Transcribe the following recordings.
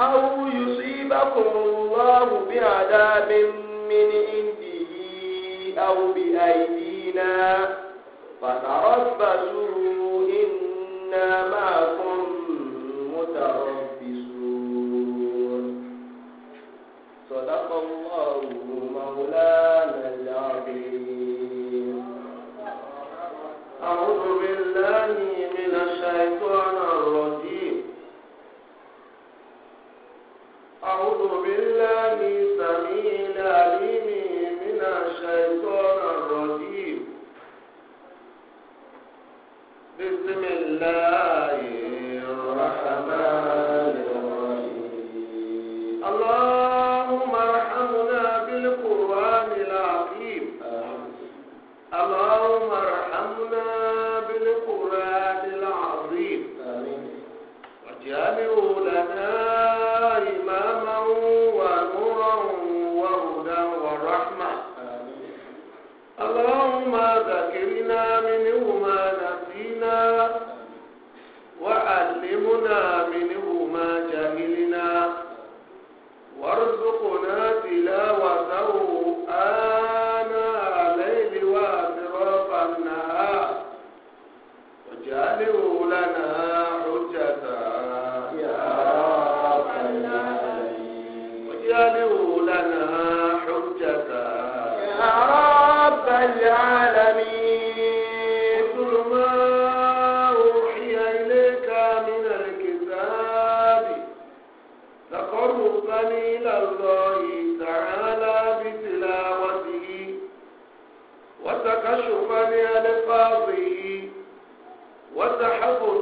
أو يصيبكم الله بعذاب من عنده أو بأيدينا فتربصوا إنا معكم متربصون صدق الله مولانا العظيم أعوذ بالله من الشيطان الرجيم بسم الله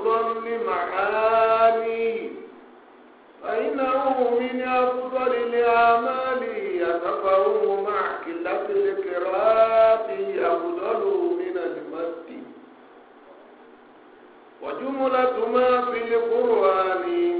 ظن معاني فإنه من أفضل الأعمال يتفهم مع قلة القراءة أفضل من المسجد وجملة ما في القرآن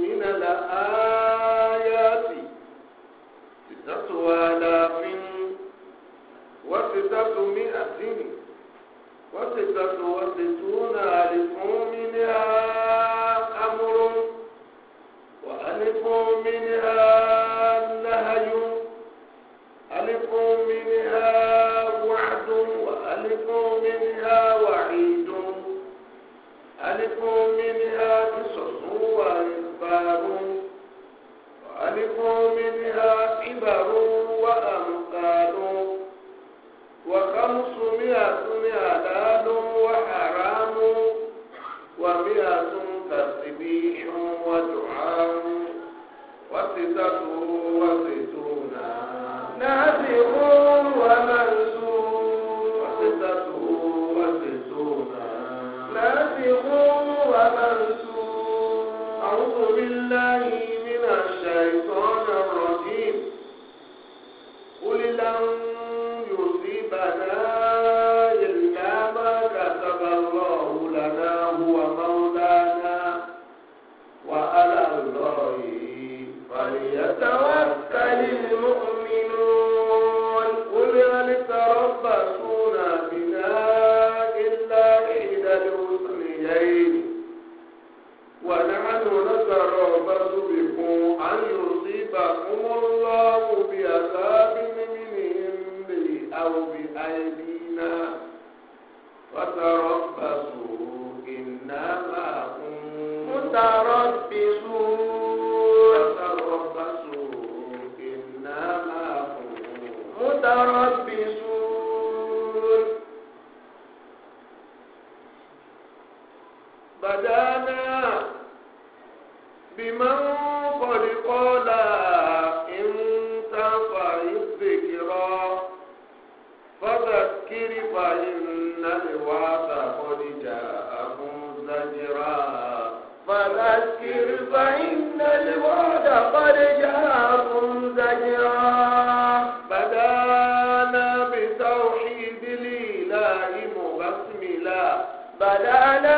ولا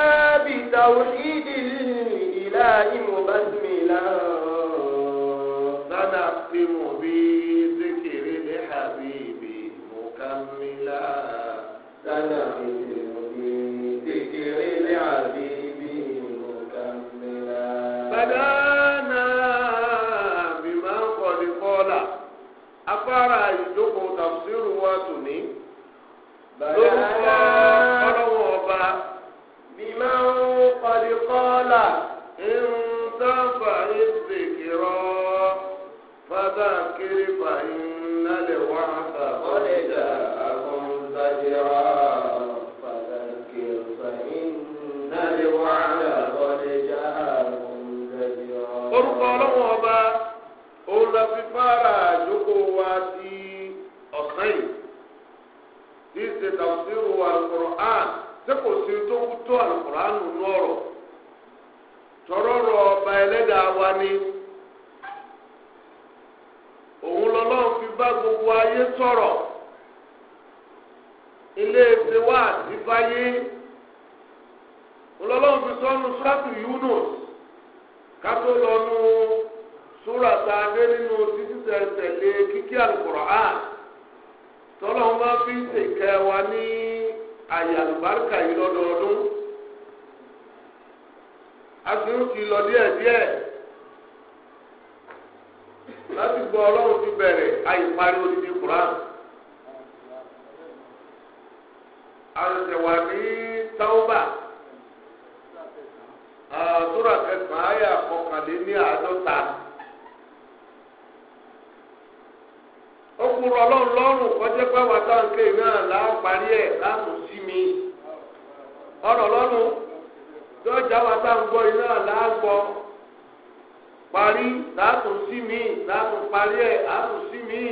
parí ẹ̀ àtúnṣí míì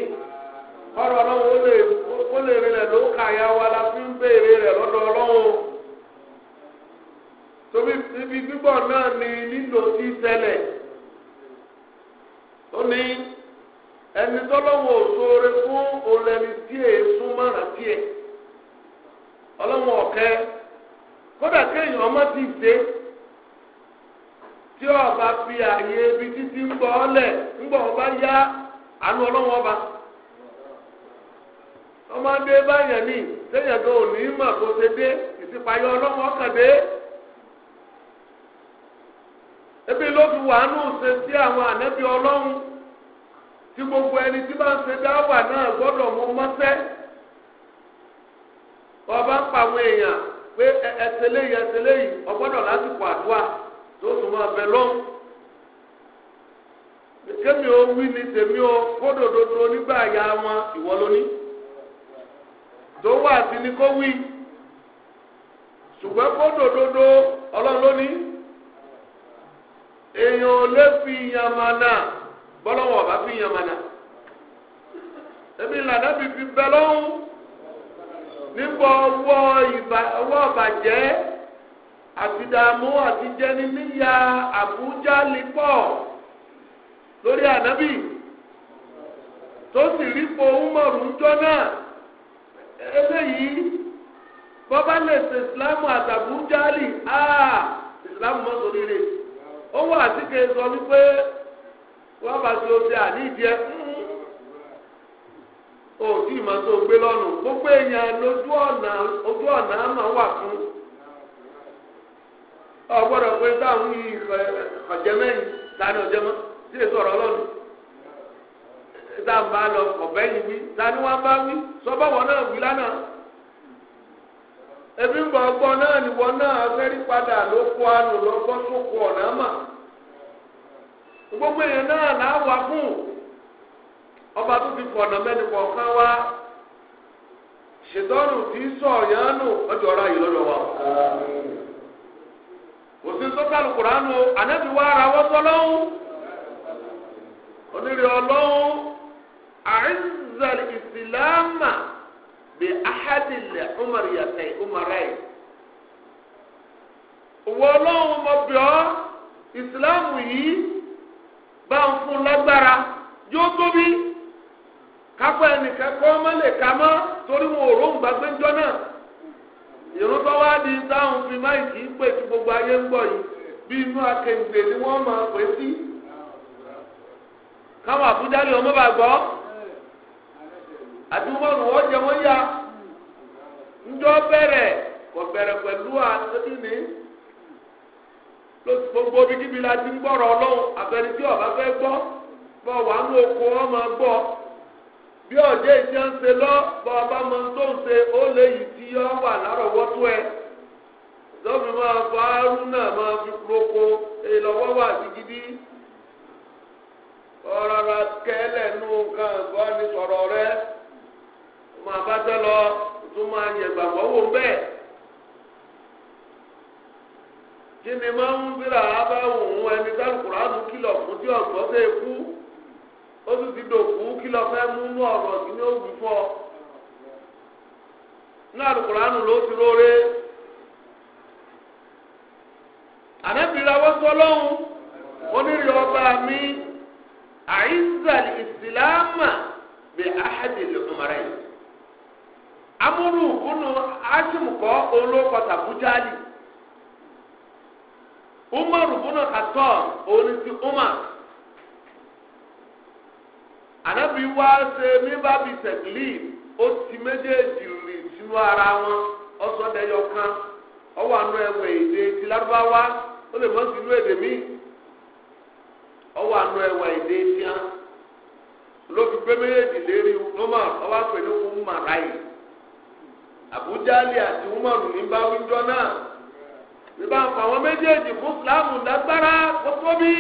kọ́rọ̀ ọlọ́run ó lè rin lẹ̀ ya wa la fi ń béèrè rẹ lọ́dọ̀ ọlọ́run tobi ibi gbígbọ́ náà ni nílò ti ṣẹlẹ̀ ó ní ẹni tọ́lọ́wọ́ òṣòro fún olẹ́ni díẹ̀ súnmọ́ra díẹ̀ ọlọ́wọ́ ọ̀kẹ́ kódà kéèyàn ọmọ ti dé tí ọba fi àyè ibi títí ń àánú ọlọ́wọ́ ọba ọmọ adé báyẹn ní sẹ́yìn tó ní mà kó ṣe dé ìsìpayọ ọlọ́wọ́ kàn ebi ló fi wàánú ṣe sí àwọn ànábì ọlọ́run tí gbogbo ẹni tí bá ń ṣe dáwà náà gbọ́dọ̀ mú mọ́sẹ́ ọba ń pa àwọn èèyàn pé ẹsẹ̀ kémi ó wí ni tèmi ó kódòdó dúró nígbà ya wọn ìwọ lóní tó wà sí ni kó wí ṣùgbọ́n kódòdó ọlọ́run lóní èèyàn lè fi yamana bọ́lọ́wọ́ ọ̀bá fi yamana èmi lànà bíbí bẹ́ lọ́hùn nípa ọwọ́ ìbàjẹ́ àti dààmú àti jẹni níyà Àbújá lè pọ̀. lórí ànábì tó sì rí po umaru ńjọ náà eléyìí bọ́bá lè ṣe ìsìlámù àtàbújálì áà ìsìlámù mọ́ sórí rè ó wà sí ke sọ wípé wọ́n bá ṣe oṣù àníjẹ òtí ìmọ̀ tó gbé lọ́nu gbogbo èèyàn lójú ọ̀nà ojú ọ̀nà àmọ́ wà fún ọgbọ́dọ̀ pé táwọn tí èso ọ̀rọ̀ lọ́nu tá n bá lọ ọ̀bẹ́ yìí wí tani bá wí bọ́wọ́ náà wí lánàá ebi ń bọ̀ ọgbọ́n náà nìwọ náà fẹ́rí padà ló kó àánú lọ́gbọ́n tó kọ ọ̀nà mà gbogbo èèyàn náà láwàá fún ọba tó fi kọ̀ọ̀nà mẹ́ni kọ̀ọ̀kan wá tí onírè ọlọ́run àìsàn ìsìláàmà bí a umar yàtẹ̀ umarai òwò ọlọ́run mọ̀bíọ́ ìsìláàmù yìí bá ń fún lágbára yóò tóbi kápẹ́ ẹnìkan kọ́ ọmọ lè ka mọ́ torí wọn ò róǹgbà gbẹ́jọ́ náà ìrún tó wá di táwọn fi máìkì ń gbogbo ayé ń gbọ́ yìí bí inú ni wọ́n máa pè sí. káwọn àbújá lè ọmọ bá gbọ́ àti wọn rò wọ́n jẹ wọ́n yá ńjọ bẹ̀rẹ̀ kò bẹ̀rẹ̀ pẹ̀lú àtúntì ní lóṣù gbogbo bíkíbi la ti ń gbọ́rọ̀ ọlọ́run àbẹ̀rẹ̀ tí ọba fẹ́ gbọ́ bọ́ ń gbọ́ bí ń ṣe lọ bọ́ ọba mọ tó ń ṣe ó lè yìí yọ wà ọ̀rọ̀ra kẹ́lẹ̀ nù nǹkan ẹ̀gbọ́n ní sọ̀rọ̀ rẹ máa bá tẹ́ lọ tún máa yẹ gbàgbọ́ wò bẹ́ẹ̀. kí ni máa ń bíra abá òun ẹni dárúkúrá mú kìlọ̀ fún tí ọ̀gbọ́n kú ó sì ti dòkú kìlọ̀ fẹ́ mú ọ̀rọ̀ kí ni ó wù fọ́ ní ló ti àìsàn ìsìlámà bí ahadìlì ọmọrẹ amụrụ amúrú kúnnù aṣímukọ olóko tàbújáde umaru kúnnù kàtọ onísì umar anabi wá ṣe mímba bíi tẹkílì ó ti méjèèjì rìn sínú ara wọn ọsọdẹyọ kan ọwọ àánú ẹwẹ èdè ọwọ́ àánú ẹwà ìdè tíá ló fi gbé méjèèjì lérí nọ́mà ọwọ́ àpè ní umar ráyè Àbújá lè àti umar ní bá wíjọ náà nígbà pa àwọn méjèèjì fún Ìsìlámù lágbára kó tóbi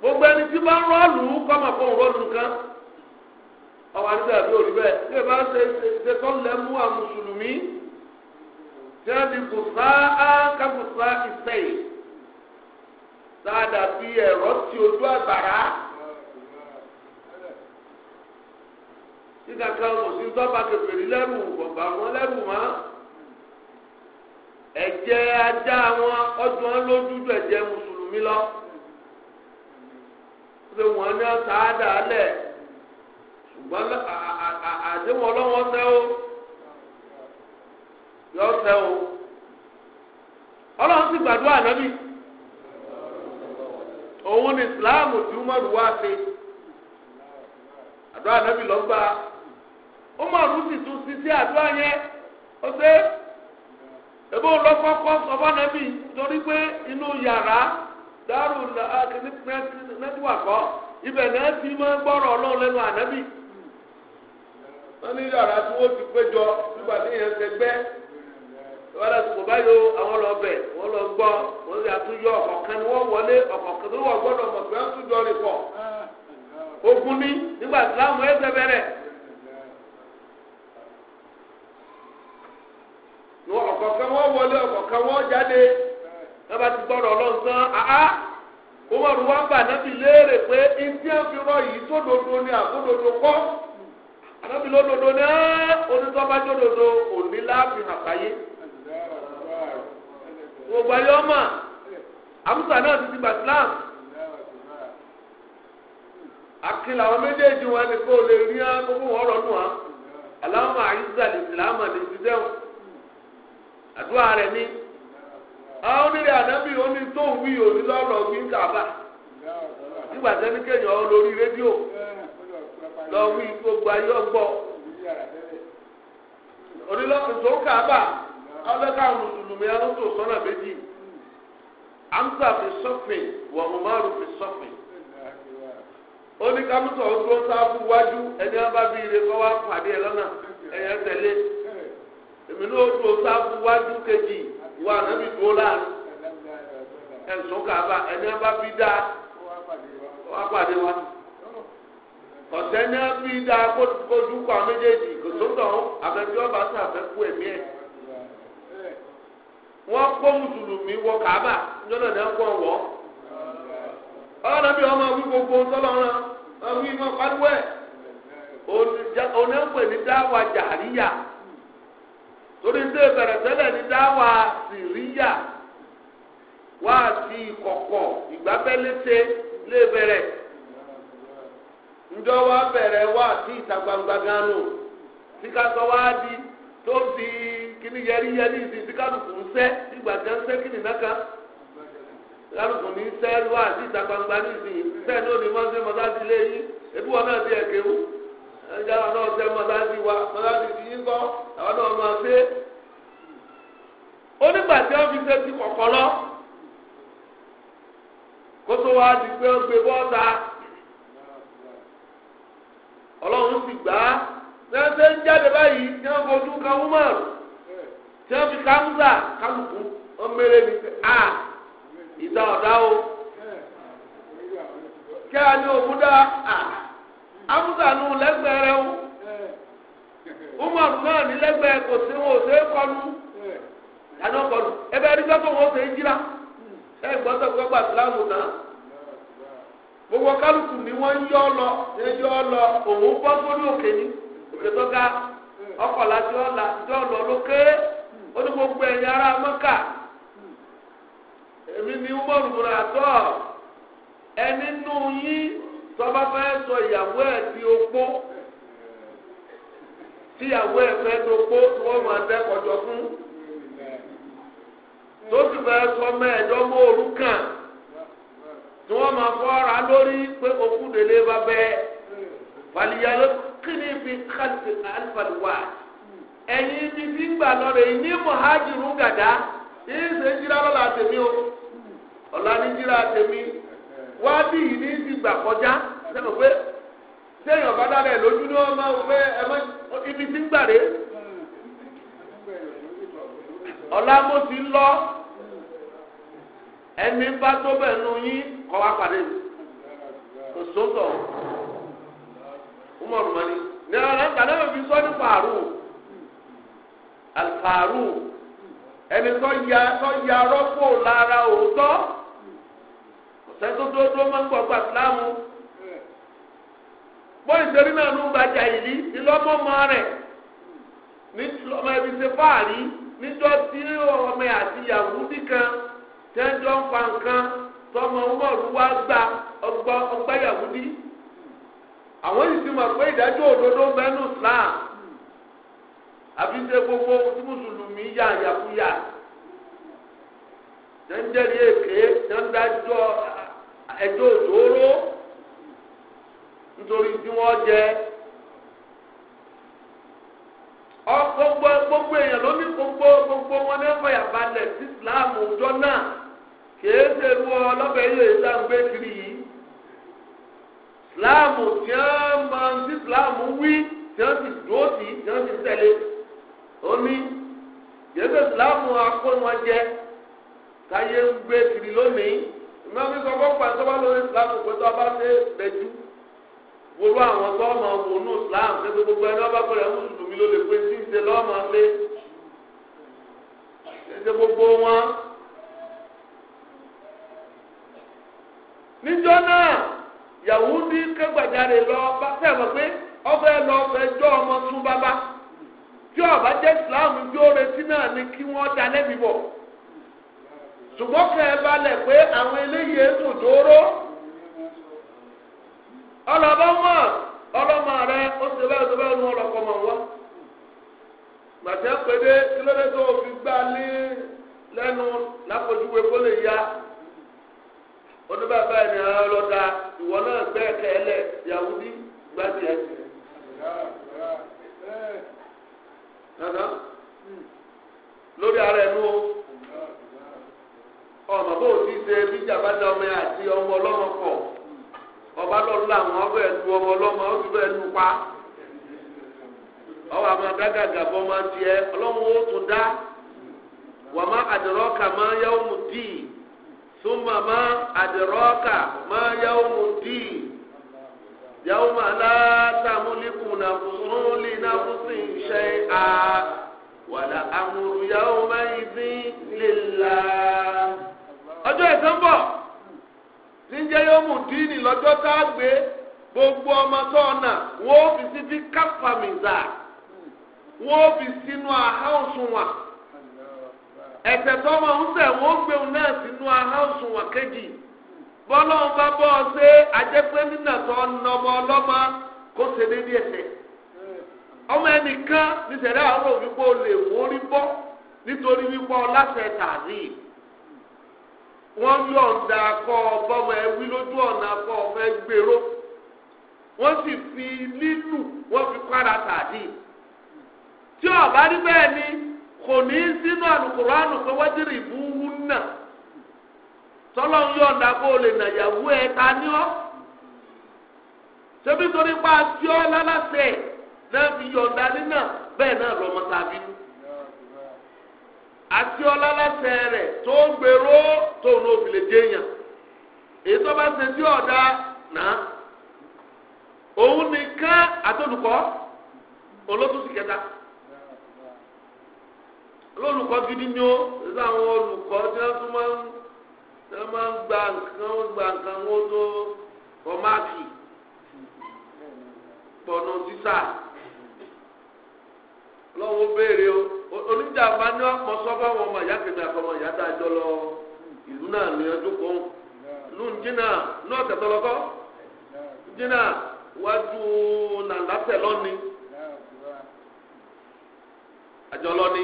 gbogbo ẹni tí bá ń rọ́ọ̀lù kọ́ máa fọ́ òrọ́ọ̀lù nǹkan ọwọ́ àdúgbò àbí òrí bẹ́ẹ̀ bí ẹ ṣe ṣe tọ́ lẹ́mú àwọn mùsùlùmí tí wọ́n ti kò sáá ká kò sáàdà bí ẹ̀rọ ti ojú àgbàrá. Nígbà kan kò sí tọ́ba kẹfìrí lẹ́rù bọ̀bà wọn lẹ́rù mọ́. Ẹ̀jẹ̀ ajá wọn ọdún wọn lójú ju ẹ̀jẹ̀ mùsùlùmí lọ. Ṣé wọ́n ní sáàdà lẹ̀? Ṣùgbọ́n àdéhùn ọlọ́wọ́ sẹ́ o. Yọ sẹ́ o. Ọlọ́run sì gbàdúrà nábì. òun ni islam tí umaru wá ṣe àdúrà nàbì lọ́gbà umaru sì tún sí sí àdúrà yẹn ó ṣe ebe olókọ́kọ́ sọ́fà nàbì torí pé inú yàrá dárò nẹ́tíwàkọ́ ibẹ̀ náà ti máa ní yàrá tí ti nígbà tí yẹn wọ́n lọ sùkò báyìí o àwọn lọ bẹ̀ wọ́n lọ gbọ́ wọ́n lọ àtúnyọ ọ̀kọ̀kan ni wọ́n wọlé ọ̀kọ̀kan tó wọ́n gbọ́dọ̀ mọ̀ pé wọ́n tún jọ rè pọ̀ ogun ní nígbà síláàmù ẹsẹ̀ bẹ̀rẹ̀ ni ọ̀kọ̀kan wọ́n wọlé ọ̀kọ̀kan wọ́n jáde lọ́ba ti gbọ́dọ̀ ọlọ́run tán àá wọ́n rú wá ń bà nábì léèrè pé ibi ẹ̀ fi rọ yìí tó dodo ni àkódodo kọ́ ànábì lódodo náà onítọ́ bá jódodo òní láàfin àbáyé. gbogbo ayé ọmọ àmúta náà ti ti gbà Islam akin làwọn méjèèjì wọn ni kó lè rí án gbogbo wọn rọ nù án aláwọn àyíṣà lè ti láàmà lè ti dẹ́wọ̀n àdúrà rẹ̀ ní. àwọn onírè ànábì oní tó wí òní lọ́rọ̀ wí ń kàbà nígbà kéèyàn lórí rédíò lọ kàbà. ọlọ́ka mùsùlùmí alótò sọ́nà méjì amsa fi sọ́fìn wà umaru fi sọ́fìn oníkàmùsọ̀ ọdún sáfù wájú ẹni abábí ire kọ́ wá pàdé ẹ lọ́nà ẹ̀yẹ tẹ̀lé èmi náà ọdún sáfù wájú kejì wà nàbí dúró ẹ̀sùn kàbà ẹni abábí dá wá pàdé wá ọ̀sẹ̀ ní abí dá kó dojú méjèèjì kò sóńtọ̀ abẹ́bí ọba sàfẹ́ kú ẹ̀mí ẹ̀. wọ́n kó mùsùlùmí wọ kàábà njọ́nà ní ẹ̀kọ́ wọ́. ọlọ́dọ̀bí ọmọ wí gbogbo sọlọ́run wí mọ́ pálíwọ́ ẹ̀ onípè ní dáwà jàríyà torí ṣe bẹ̀rẹ̀ tẹ́lẹ̀ ní dáwà síríyà wá sí ìkọ̀kọ̀ ìgbàbẹ́lẹ́sẹ̀ lè bẹ̀rẹ̀ wa bẹ̀rẹ̀ wá sí ìta gbangba ganu wá di tó fi. kíní yẹríyẹrí ìsìn tí kálukú ń sẹ́ nígbà tí wọ́n kini kíní náà kálukú ní sẹ́ wá àti ìta gbangba ní ìsìn sẹ́ ní òní wọ́n sẹ́ mọ́sáàsì ebi wọn náà ti ẹ̀kẹ́ wú ẹja wọn náà wa mọ́sáàsì ti yín kọ́ àwọn náà máa ṣe onígbà tí fi ṣe ti kọ̀kọ́ lọ wa di pé ó gbé bọ́ọ̀ta ọlọ́run ti gbà á ṣẹ́ńṣẹ́ ń jáde báyìí tí wọ́n fi kámúsà kámùkú ó a ìdá ọ̀dá o kí a ní a amúsà nù lẹ́gbẹ̀ẹ́ rẹ o umaru náà ní lẹ́gbẹ̀ẹ́ kò sí wọn ò sí kọlu yàtọ̀ kọlu ebe ẹni gbọ́dọ̀ wọn ò sí jíra ẹ náà gbogbo kálukú ni wọ́n yọ lọ yọ lọ òun bọ́ sórí òkè ní ó ní gbogbo ẹ̀yin ará mọ́kà èmi ni umaru muratọ́ ẹni nù yín tọ́ba fẹ́ sọ ìyàwó ẹ̀ di opó tíyàwó ẹ̀ fẹ́ di opó tí wọ́n máa dẹ́kọ̀jọ fún tó sì fẹ́ sọ mẹ́ẹ̀ẹ́dọ́gbọ̀n òrukàn tí wọ́n máa fọ́ ara lórí pé òkú délé bá bẹ́ẹ̀ balùwẹ̀ kí ni fi kálífì alifàlùwà. ẹ̀yin ti fi ń gbà lọ́rọ̀ èyí ní mọ̀hájìrú gàdá yìí ṣe jíra lọ́la tèmi o ọ̀la ní jíra tèmi wá bí yìí ní ti gbà kọjá sẹ́nu pé sẹ́yìn ọ̀bá dálẹ̀ lójú ní ọmọ òwe ẹ̀mọ́ ibi tí ń gbà ọ̀la mo ti lọ ẹni bá tó bẹ̀ nu yín kọ́ alfaru ẹni tó ya tó ya rọ́pò lára òótọ́ ọ̀sẹ̀ tó máa ń gbọ́ gba bóyá ìṣeré náà ló ń yìí ní ọmọ ẹbí ṣe fáàrí níjọ́ tí ọmọ àti ìyàwó nìkan tẹ́jọ́ ń fa nǹkan tọmọ gba ọgbà ìyàwó ní àwọn ìsìnkú òdodo àfi gbogbo tí mùsùlùmí yà yàkúyà tẹ́ńdẹ́rì èké tẹ́ńdájọ́ ẹjọ́ òṣòro nítorí tí wọ́n jẹ gbogbo gbogbo èèyàn ló gbogbo gbogbo wọn sí Islam náà yìí èyí kiri yìí Islam máa omi yẹtọ ìsìlámù akóńwájẹ káyé ń gbé kiri lónìí ìmọ̀ mi sọ fọ́pọ̀ àtọ́wá lórí ìsìlámù pé tó a bá ṣe bẹ́jú wọlú àwọn tó ọmọ wọnú ìsìlámù pé gbogbo ẹni ọba kọlẹ̀ ń mùsùlùmí ló lè pé tí ń ṣe lọ́mọ lé ṣe gbogbo wọn. níjọ́ náà Yàhúdí kẹgbàjáde lọ bá fẹ́ mọ̀ pé ọbẹ̀ lọ fẹ́ ọmọ tún bábá. tí ọba jẹ́ islam bí ó retí náà ni kí wọ́n da lẹ́bi bọ̀ ṣùgbọ́n kẹ́ ẹ balẹ̀ pé àwọn eléyìí ètò dóró ọlọ́ba wọn rẹ ó wọn mọ̀ wá gbàtẹ́ pédé kílódé tó fi gbá lé lẹ́nu lápòjúwe kó lè ya ẹni ìwọ náà yahudi lórí ara ẹnu ọ̀nà bó ti ṣe bíjà bá dá ọmọ àti ọmọ ọlọ́mọ pọ̀ ọba lọ́ọ́ làwọn ọbẹ̀ lu ọmọ ọlọ́mọ ó ti bẹ́ẹ̀ pa ọwọ àwọn agágàgà bọ máa tiẹ ọlọ́run ó tún dá wà má àdìrọ́kà ma yá òun dì dì يوم لا تملك نفس لنفس شيئا والأمر يومئذ لله ọjọ́ ẹ̀san bọ̀ tí ń jẹ́ yóò gbogbo ọmọ tó ọ̀nà wọ́n ó fi títí kápámìzà wọ́n ó fi sínú àháùsùnwà ẹ̀ṣẹ̀ ọmọ ń ṣẹ̀ wọ́n ó náà sínú bọ́lọ́n bá bọ́ ọ ṣe ajẹ́pẹ́ nínà tó nọmọ ọlọ́mọ kó ṣe déédéé ẹsẹ̀ ọmọ ẹnìkan níṣẹ̀lẹ̀ àwọn òfìgbò lè wọ́n rí bọ́ nítorí wípọ́ láṣẹ tààrí wọ́n akọ ọbọ̀mọ ẹwí lójú ọ̀nà akọ ọmọ wọ́n sì fi lílù wọ́n fi kwara tààrí tí ni kò ní sínú tọ́lọ́ ń yọ̀ ọ̀dà kó o lè nàyàwó ẹ̀ ta ní ọ́ torí pa tí ọ́ lálásẹ̀ náà fi yọ̀ ọ̀dà nínà bẹ́ẹ̀ náà lọ́mọ tàbí àti ọlá lásẹ̀ rẹ̀ tó ń gbèrò tó ń lò fìlè déèyàn èyí tó bá ṣe sí ọ̀dà náà òun nìkan àtolùkọ́ olótùsí kẹta olólùkọ́ gidi ni ó ṣe àwọn olùkọ́ tí máa ń gba nǹkan ó gba nǹkan ó tó fọmáàtì pọ̀nà sísà lọ́wọ́ béèrè o oníjàmbá ní ọ̀pọ̀ sọ́gbà wọn ọmọ ìyá kejì àti ọmọ ìyá dájọ́ lọ ìlú náà ní ọdún kan lóun jìnnà náà tẹ̀tọ́lọ́kọ́ jìnnà wájú nàlásẹ̀ lọ́ni àjọ lọ́ni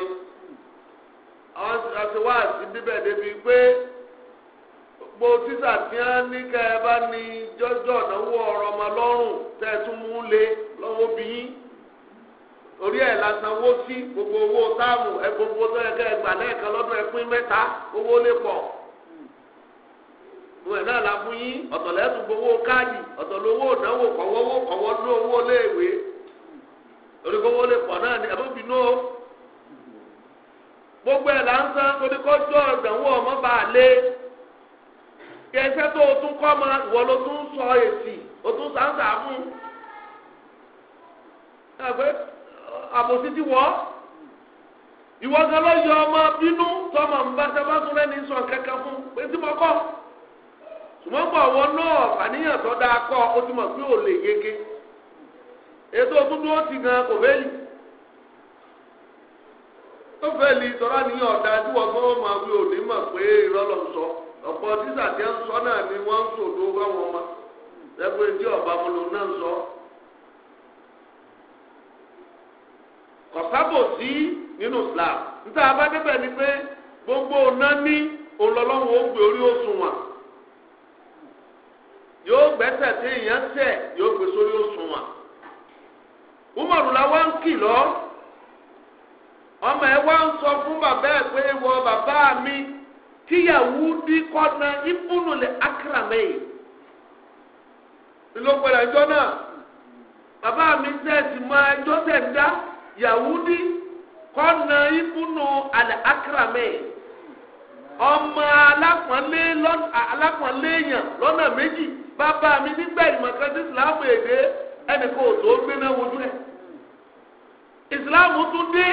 àwọn àti wá bíbẹ̀ débi pé. gbogbo títà tí wọn ní ká ẹ bá ní ọ̀rọ̀ ọmọ lọ́rùn tẹ orí gbogbo owó táàmù ẹgbogbo tó yẹ lẹ́ẹ̀kan lọ́dún mẹ́ta owó lè pọ̀ náà la fún yín káàdì kọ̀wọ́wó owó léèwé orí lè gbogbo ẹ̀ torí kẹsẹ́ tó o tún ma ìwọ ló tún sọ èsì o tún sáńsà fún ti wọ ìwọ gan ló yọ ọmọ bínú tọmọ nbà sábà tún lẹ́ni sọ kankan fún pé tí mo ṣùgbọ́n náà àníyàn tó dáa o ti mọ̀ pé lè yege ètò ti gan kò ọ̀pọ̀ tíṣà tí ń sọ náà ni wọ́n ń sòdó báwọn ọmọ ẹgbẹ́ tí ọba mu náà ń sọ. kọ̀sábò sí nínú Islam níta ni pé gbogbo ọ̀nà ní olọ́lọ́wọ́ ó gbé orí òṣùwọ̀n yóò gbẹ́sẹ̀ tí èèyàn tẹ̀ yóò gbé sórí ọmọ ẹ wá ń sọ fún bàbá ti Yahudi kọ́nà ibùnú lè akramẹ́ yìí ló gbọdọ̀ ẹjọ́ náà bàbá mi sẹ́ẹ̀sì mọ ẹjọ́ sẹ́ẹ̀dá Yahudi kọ́nà ibùnú àlè akramẹ́ yìí ọmọ alápọ̀nlé alápọ̀nlé èèyàn lọ́nà méjì bàbá mi nígbà ìmọ̀kan sí ìsìláàmù èdè ẹnìkan ò tó gbéná wojú ẹ̀ ìsìláàmù tún dé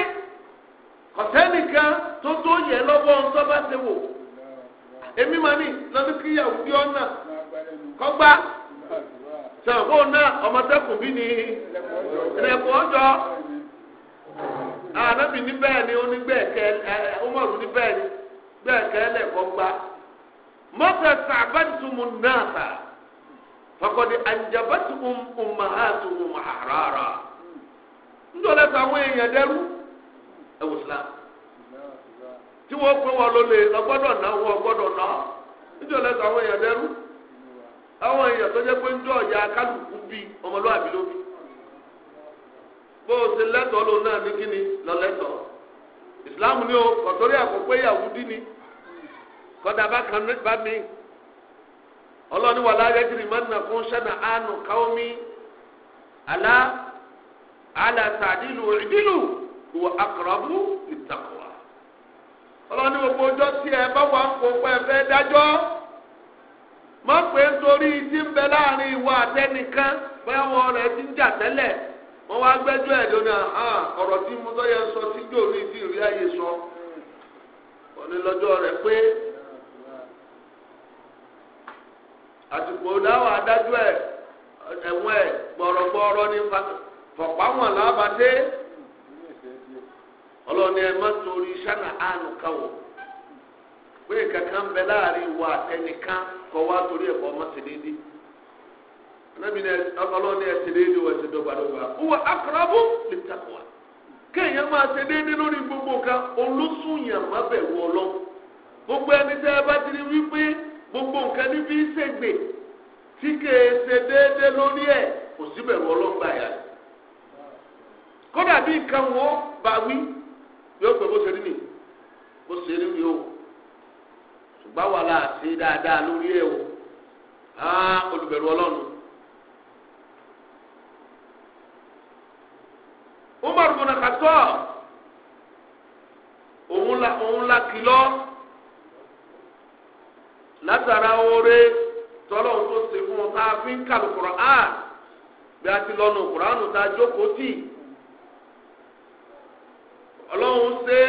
kọ̀sẹ́nìkan tó tó yẹ lọ́wọ́ ń sọ́ wò. èmi máa ní lọ́dún kí yahudi ọ̀nà kọ́gbá sọ̀rọ̀ kó ọmọdékùn bí ni ẹ̀rẹ̀kọ́ ọjọ́ ànábì ni onígbẹ̀kẹ́ ọmọrù ní bẹ́ẹ̀ ni gbẹ̀kẹ́ lẹ̀kọ́ gbá mọ́tò sàbẹ̀tùmù náà fà fọkọ̀dé àjàbẹ̀tùmù ọmọhàtùmù àràrà ńjọ́lẹ́sọ̀ àwọn èèyàn dẹ́rú ẹ̀wùsùlámù. tí wọ́n pé wọn ló lè lọ́gbọ́dọ̀ ná wọn gbọ́dọ̀ ná níjọ́ lẹ́sọ̀ àwọn èèyàn lẹ́rú àwọn èèyàn tó jẹ́ pé ń jọ ya kálukú bíi ọmọlúwàbí ló bí bó o lẹ́tọ̀ọ́ lòun náà ní kíni lọ lẹ́tọ̀ọ́ ìsìláàmù ni o kọ̀tọ́rí ni kọ́dà bá kan bá mi ọlọ́ni wà láyé mọ́nà fún sẹ́nà àánú ọlọ́ni gbogbo ọjọ́ tí ẹ bá wà ń kó pẹ́ fẹ́ dájọ́ má pé nítorí tí ń bẹ láàrin ìwà àtẹnìkan pé àwọn ọ̀rẹ́ ti ń jà tẹ́lẹ̀ wọ́n wá gbẹ́jọ́ ẹ̀ lónìí ọ̀rọ̀ tí mo tọ́yẹ sọ ti rí àyè sọ òní lọ́jọ́ rẹ̀ pé àtùpọ̀ dáwọ̀ adájọ́ ẹ̀ ọlọ́ni ẹ má torí sánà àánú káwọ̀ pé kankan bẹ láàrin wa ẹnìkan kọ wá torí ẹ̀kọ́ ọmọ sí déédé ọlọ́ni ẹ sí déédé wọ́n ti dọ́gbadọ́gba wọ́n akọ̀rọ̀bù lè kéèyàn ṣe lórí gbogbo kan olóṣùyàn má bẹ̀ wọ lọ gbogbo ẹni tẹ́ ẹ bá ti rí wípé gbogbo nǹkan níbi tí kèé ṣe lórí kò síbẹ̀ kódà bí bá wí yóò pé bó ṣe rí mi bó ṣe rí mi o ṣùgbọ́n wà láà dáadáa lórí ẹ̀ o áá olùbẹ̀rù ọlọ́run. Umar bin Khattab òun la òun la kìlọ̀ látara oore tọ́lọ̀ tó ṣe fún ọ tá a fi bí a ti ṣe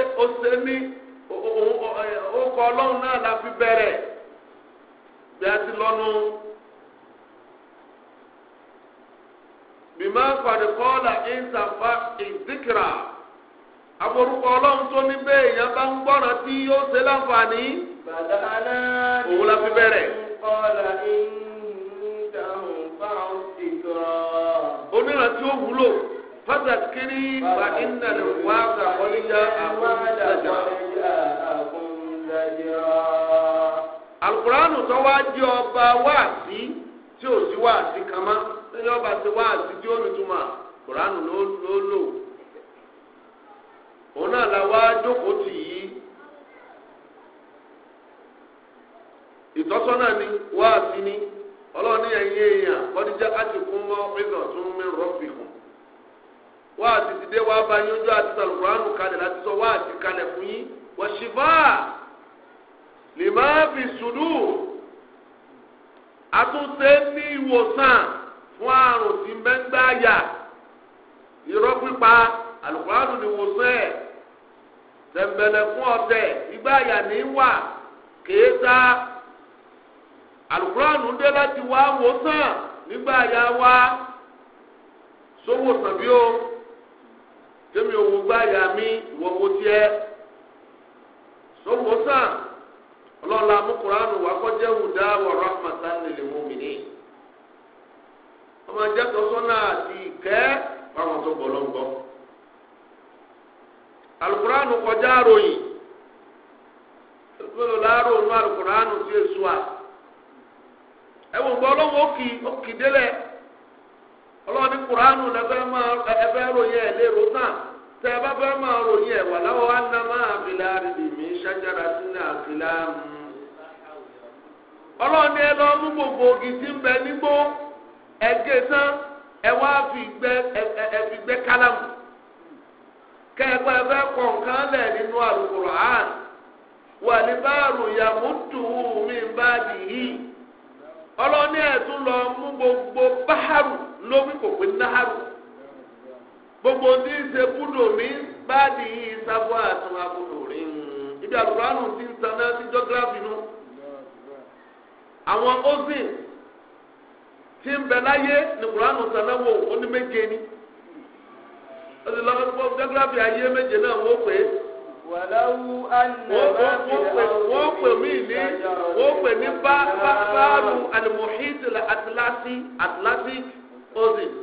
ó ọlọ́run náà la fi bẹ̀rẹ̀ bí a ti lọ́nu. kọ́ọ̀lá ìdíkìrà ọlọ́run tó ní bẹ́ẹ̀ bá ń gbọ́ràn tí yóò ṣe láǹfààní. فذكري فإن الواقع قد جاءكم القرآن ọba wáàsí tí ò sí wáàsí kan mọ́ lẹ́yìn ọba ti wáàsí tí ó nìtumọ̀ kùránù ló ni wáàsí ni ọlọ́ọ̀ni ẹ̀yin èèyàn kọ́díjà á kún mọ́ wá àtìsídé wá bá yín ojú àti sàlùkùránù kalẹ̀ láti sọ wá àti kalẹ̀ fún yín wọ́ṣífà lèmọ́ fi sùdù àtúnṣe ní ìwòsàn fún àrùn tí mẹ́ngbà yà irọ́ pípa àlùkùránù ní ìwòsàn ẹ̀ tẹ̀m̀bẹ̀lẹ̀ fún ọ̀tẹ̀ ìgbà yà ní wà kéésà àlùkùránù dé láti wá wòsàn nígbà yà wá sówòsàn bí ó. tẹ́mi owó gbáyà mi ìwọ owó tiẹ̀ sọ́wọ́ sàn ọlọ́la amúkùránù wà kọjá ìwúdá wà rahmatan lil mu'minin ọmọ ajá tó àti ìkẹ́ fáwọn tó gbọ́ lọ́ngbọ́ alukùránù kọjá ròyìn gbọ́dọ̀ èso à ẹ̀wọ̀n gbọ́ ọlọ́wọ́ délẹ̀. kuranu lẹfẹ máa ẹfẹ ròyìn ẹ lérò náà tẹ ẹ bá fẹ máa ròyìn ẹ wà láwọn anamá àfìlà lọ gbogbo ń bẹ nígbó ẹgẹ e tán ẹ wá fi gbẹ ẹ fi gbẹ kálámù kẹgbẹ lẹ nínú àn lọ mú gbogbo ló pé náhàrù gbogbo tí ń ṣe búdò mi bá yìí sábọ àtún rí ibi àlùkòránù ti ń tan náà sí jọgíráfì nù àwọn ozin tí ń bẹ láyé ní kòránù sanáwó ó méje ni ó sì lọ́wọ́ tó jọgíráfì ayé méje náà wọ́n pè é wọ́n pè mí ní wọ́n pè ní bá ozin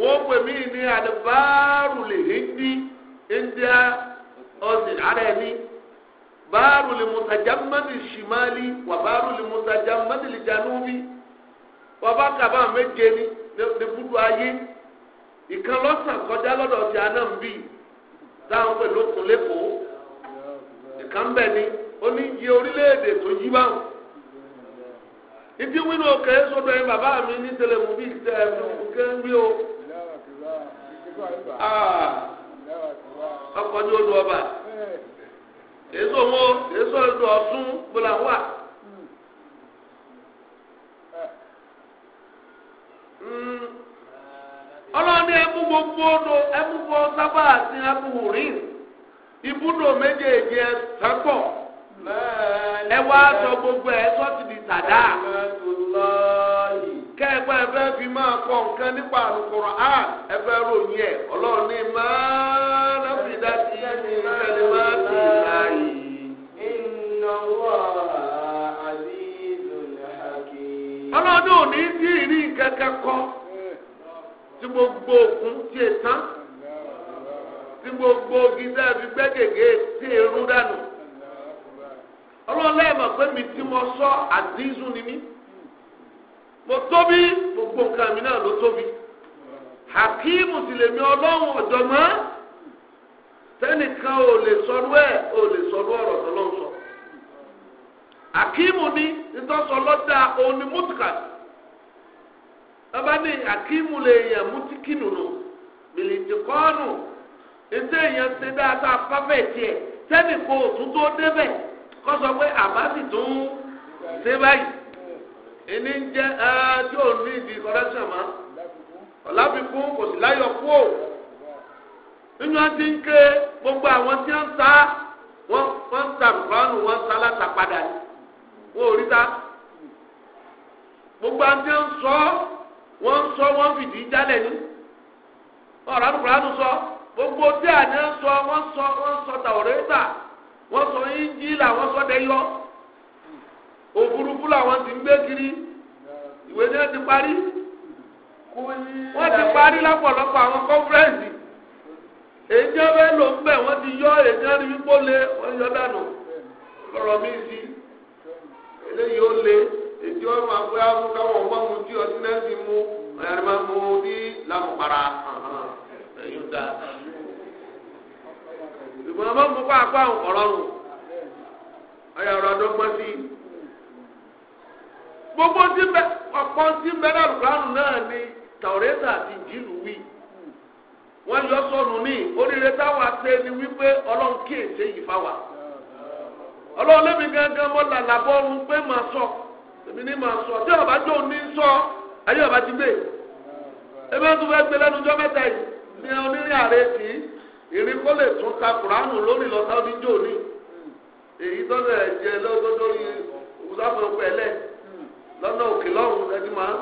wọ́n pè mí ní alibárùlì hindi india ozin ara ẹni bárùlì musajamani shimali wà bárùlì musajamani janubi wà bá kaba méje ní búdú ayé ìkan lọ́sàn kọjá lọ́dọ̀ ti anambi táwọn pè lókun lẹ́kọ̀ọ́ ìkan bẹ̀ ni ó ní iye orílẹ̀-èdè tó yí báwọn. ìdí wínú òkè sọ́dọ̀ yín baba mi ní tẹlẹmù bíi tẹ ẹ fúnkẹ ń gbé o. Ah. ọkọ̀ ní odò ọba èso wo èso odò ọ̀sùn gbọ́dọ̀ wà. Hmm. ọlọ́ni ẹ̀mú gbogbo odò ẹ̀mú gbogbo sábà àti ẹ̀mú rìn ibùdó méjèèjì ẹ̀ sẹ́pọ̀. ẹ wá sọ gbogbo ẹ sọ́ọ̀tì di sàdá. kẹ́ẹ̀pẹ́ ẹ ẹgbẹ́ fi máa kọ nǹkan nípa àlùkòrò á ẹ ròyìn ẹ̀ ọlọ́run ní máa lọ́fì dájú yẹn ní máa ti láàyè. ọlọ́dún ò ní tí ì rí kọ́ tí ọlọ́run lẹ́yìn mọ̀ pé mi tí mo sọ àdínsù ni mí mo tóbi gbogbo nǹkan mi náà ló tóbi hakeem sì lè mi ọlọ́run ọ̀jọ̀gbọ́n tẹnìkan ò lè sọrú ẹ̀ ò lè sọrú ọ̀rọ̀ tọ́lọ́run sọ hakeem ni nítòsọ lọ́dà òun ni mutka bàbá ní hakeem lè yàn mutikinu nù bìlìtì kọ́ọ̀nù ètò èèyàn ti dáadáa pàfẹ́ tiẹ̀ tẹnìkan ò tún débẹ̀ kọ́ sọ pé àbá sì tún ṣe báyìí ẹni ń jẹ́ ẹ tí ò ní ìdí correction mọ́ ọ̀làbíkún kò sì láyọ̀ kú ò nínú àti ń ké gbogbo àwọn tí wọ́n ń ta wọ́n ń ta bùrọ́nù wọ́n ń ta látàpadà ni wọ́n ò rí ta gbogbo àwọn tí wọ́n ń sọ wọ́n ń sọ wọ́n fìdí jálẹ̀ ni ọ̀rọ̀ àdùkùrọ̀ àdùsọ gbogbo tí àná ń sọ wọ́n sọ wọ́n sọ tàwọ̀rẹ́ta wọ́n sọ injil làwọn sọdẹ yọ òfurufú làwọn ti ń gbé kiri ìwé náà ti parí wọ́n ti parí lápọ̀lọpọ̀ àwọn kọ́nfúrẹ́ǹsì èyí ọbẹ̀ ló ń bẹ̀ wọ́n ti yọ èyí ọbẹ̀ wípé ó lé wọ́n yọ dànù lọ́rọ̀ mi sí eléyìí ó lé èyí ọbẹ̀ máa gbé àwọn káwọn ọmọ mu tí ọtí náà ti mú ọ̀yàrá máa mú ní làmùpara ẹ̀yọ́ dáa. ṣùgbọ́n ọmọ mú kó akó àwọn ọ̀rọ̀rùn ọ̀yà ọ̀rọ̀ ọdún pọ̀ sí. gbogbo tí bẹ ọ̀pọ̀ tí bẹ náà náà ni tàwọ̀rẹ́tà ti ìjìnlù wí. wọ́n yọ ní oríire táwa ṣe ni wípé ọlọ́run yìí ọlọ́run gángan mọ́ làlàbọ̀ ọ̀run pé màá sọ èmi ní màá sọ tí ọba jọ ní sọ ayé ọba ti gbé. ebi wọn tún fẹ́ gbé lẹ́nu mẹ́ta yìí ní onírìn tì í. ìrìn kó lè tún ka kuranu lórí lọ sáwọ́dí jò èyí tó lè jẹ lọ́gbọ́n lórí ìwúsàfẹ́ pẹ̀lẹ́ lọ́nà òkè lọ́hùn ẹni máa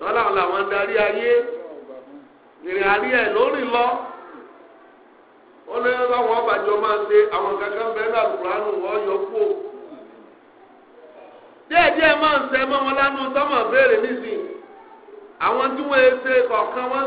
lọ́la làwọn darí ayé ìrìn àrí ẹ̀ lórí lọ ó lé láwọn ọbàjọ́ máa ń ṣe àwọn kankan bẹ́ẹ̀ náà kuranu kú o díẹ̀díẹ̀ máa ń ma mọ́ wọn lánàá sọ́mọ̀ béèrè nísìnyí àwọn tí wọ́n ṣe kọ̀ọ̀kan wọ́n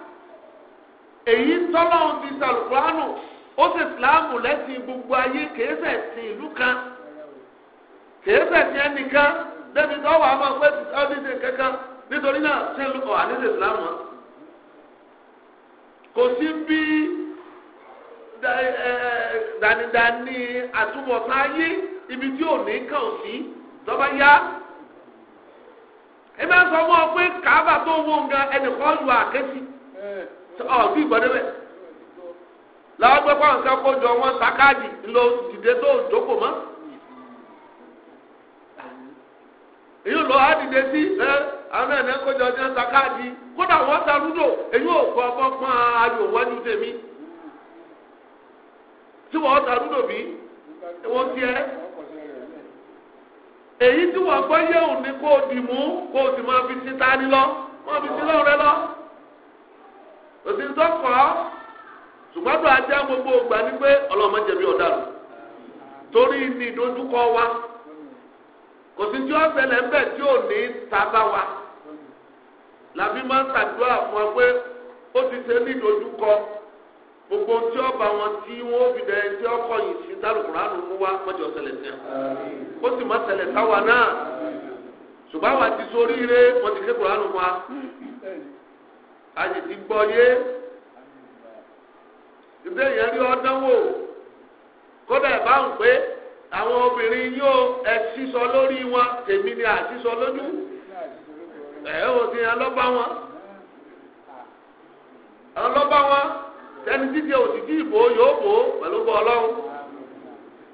èyí tọ́lọ́ ti sàlùkùránù ó sì ìsìláàmù lẹ́sìn gbogbo ayé kìí ṣẹ̀sìn ìlú kan kìí ṣẹ̀sìn ẹnìkan débi tó wà á máa pẹ́ kankan nítorí náà ṣé ń kọ̀ àdéṣe ìsìláàmù kò sí bí dánidáni àtúbọ̀tán ayé ibi tí ò ní kàn sí tọ́ba yá ẹ máa sọ wọn pé kàábà tó wọ́n ọ bí ìgbọ́dọ̀ bẹ́ẹ̀ làwọn gbé fáwọn kó jọ wọn sakáàdì ńlọ dìde tó dókò mọ́ èyí lọ àdìde sí ẹ àwọn ẹ̀nà kọjọ e, ọjọ́ sakáàdì kódà wọ́n ta èyí ò kọ́ ọgbọ́n ayò wájú tèmi tí wọ́n ta bí wọ́n tiẹ̀ èyí tí wọ́n gbọ́ yẹ̀ òní kó o dì mú kó o sì máa fi ti ta ni òsì ń tọkọ ṣùgbọ́n tó ajá gbogbo ògbà ni pé ọlọ́mọ jẹ̀bi ọ̀daràn torí ní ìdojúkọ wa kò sí tí ó tí ò ní làbí máa ń fún wa pé ó ti gbogbo tí ọba wọn tí wọn ó fi dẹ tí ọkọ yìí wa ṣẹlẹ̀ sí sì a ti gbọ́ yé ìgbé yẹn rí ọdánwò kódà bá ń pé àwọn obìnrin yóò ẹ sísọ lórí wọn tèmi ni àtisọ lójú ẹ ò ti yẹn wọn ọlọ́ba wọn tẹni títí òtítí ìbò yóò bò pẹ̀lú bọ́ ọlọ́run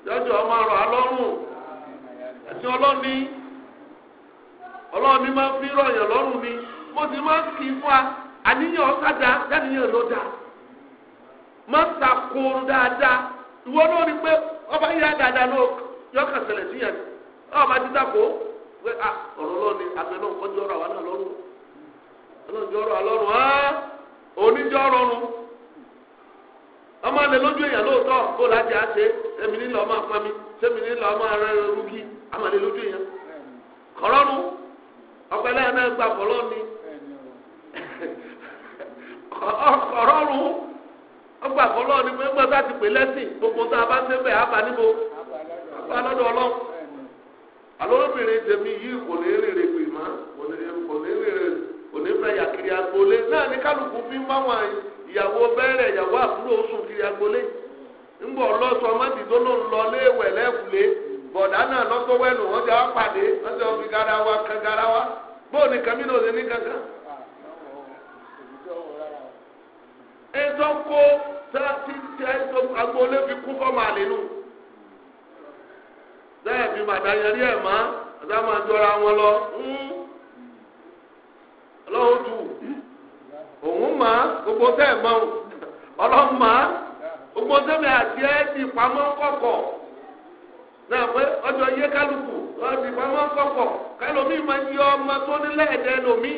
jọjọ ọmọ ọrọ̀ alọ́run ẹ̀sìn ọlọ́run fi rọ̀yàn lọ́rùn àníyàn ọ̀sádà dáníyàn ló dá má sàkóoru dáadáa ìwọ náà rí pé ọba yíyá dáadáa náà yọ ọkàn ṣẹlẹ̀ sí yẹn ọba dídá kó pé à ah, ọ̀rọ̀ lọ́ni àbẹ̀lọ́ ọ̀rọ̀ àwọn náà lọ́rùn ọ̀rọ̀ á ah, ọmọ lójú èèyàn lóòótọ́ kó èmi nílò ọmọ àpá mi sẹ́mi nílò ọmọ ara rúgì lójú èèyàn ọ̀rọ̀rùn ọgbà kọlọ́ ni pé gbọ́dọ̀ ti pè lẹ́sìn gbogbo tá a bá ṣe bẹ́ẹ̀ àbá níbo àbá lọ́dọ̀ ọlọ́run alóbìnrin tèmi yìí kò ní rèrè pè má kò ní rèrè kò ní náà ní kálukú fi ń bá wọn ìyàwó ìyàwó àbúrò kiri ló ń lọ náà wá pàdé fi garawa kan garawa kàmínà ẹ̀zọ́ kó ẹ̀zọ́ agboolé fi kú fọ́ màálí nù. Bẹ́ẹ̀ bí màdá ẹ̀ má, ẹ̀dá máa jọra wọn lọ. Ọlọ́run tù, òun má gbogbo tẹ́ ẹ̀ o, má gbogbo àti ẹ̀ ti pamọ́ kọ̀kọ̀. Náà pé ọjọ́ yé kálukú, pamọ́ kọ̀kọ̀, máa yọ ọmọ tó nílẹ̀ ẹ̀dẹ́ gbọ́dọ̀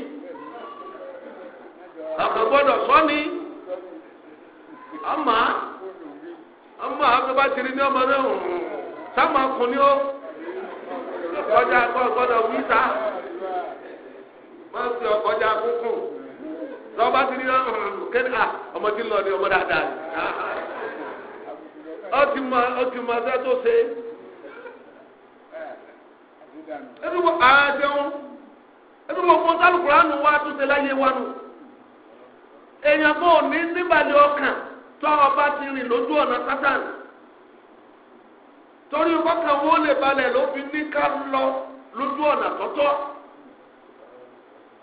sọ́ni. ọmọ ọmọ a bá ní ọmọ náà sáwọn ọkùnrin ó kọjá gbọ́dọ̀ wí máa fi ọkọjá kúkú lọ́ba ti rí kéde à ọmọ ti lọ ní ọmọ dáadáa ti mọ ti mọ tó ṣe fún wa tó ṣe láyé wa nù èèyàn kò ní ọkàn. tọ́ ọba ti rìn lójú ọ̀nà sátán torí wo lè balẹ̀ ló fi ní ká lọ lójú ọ̀nà tọ́tọ́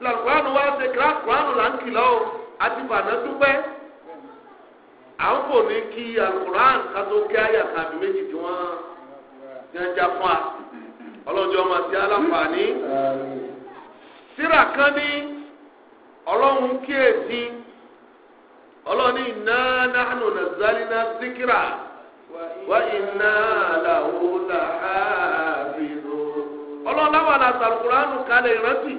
làkúránù wa ṣe kíra là ń kìlọ̀ o àti bàdà dúpẹ́ à ń kò ní kí kí àyà méjì tí wọ́n jẹ́jà na iná nánú nà zálínà zikira wà iná làwọn làhàbìrò ọlọ́ọ̀láwà la sàlùkùránù kalẹ̀ ìrántí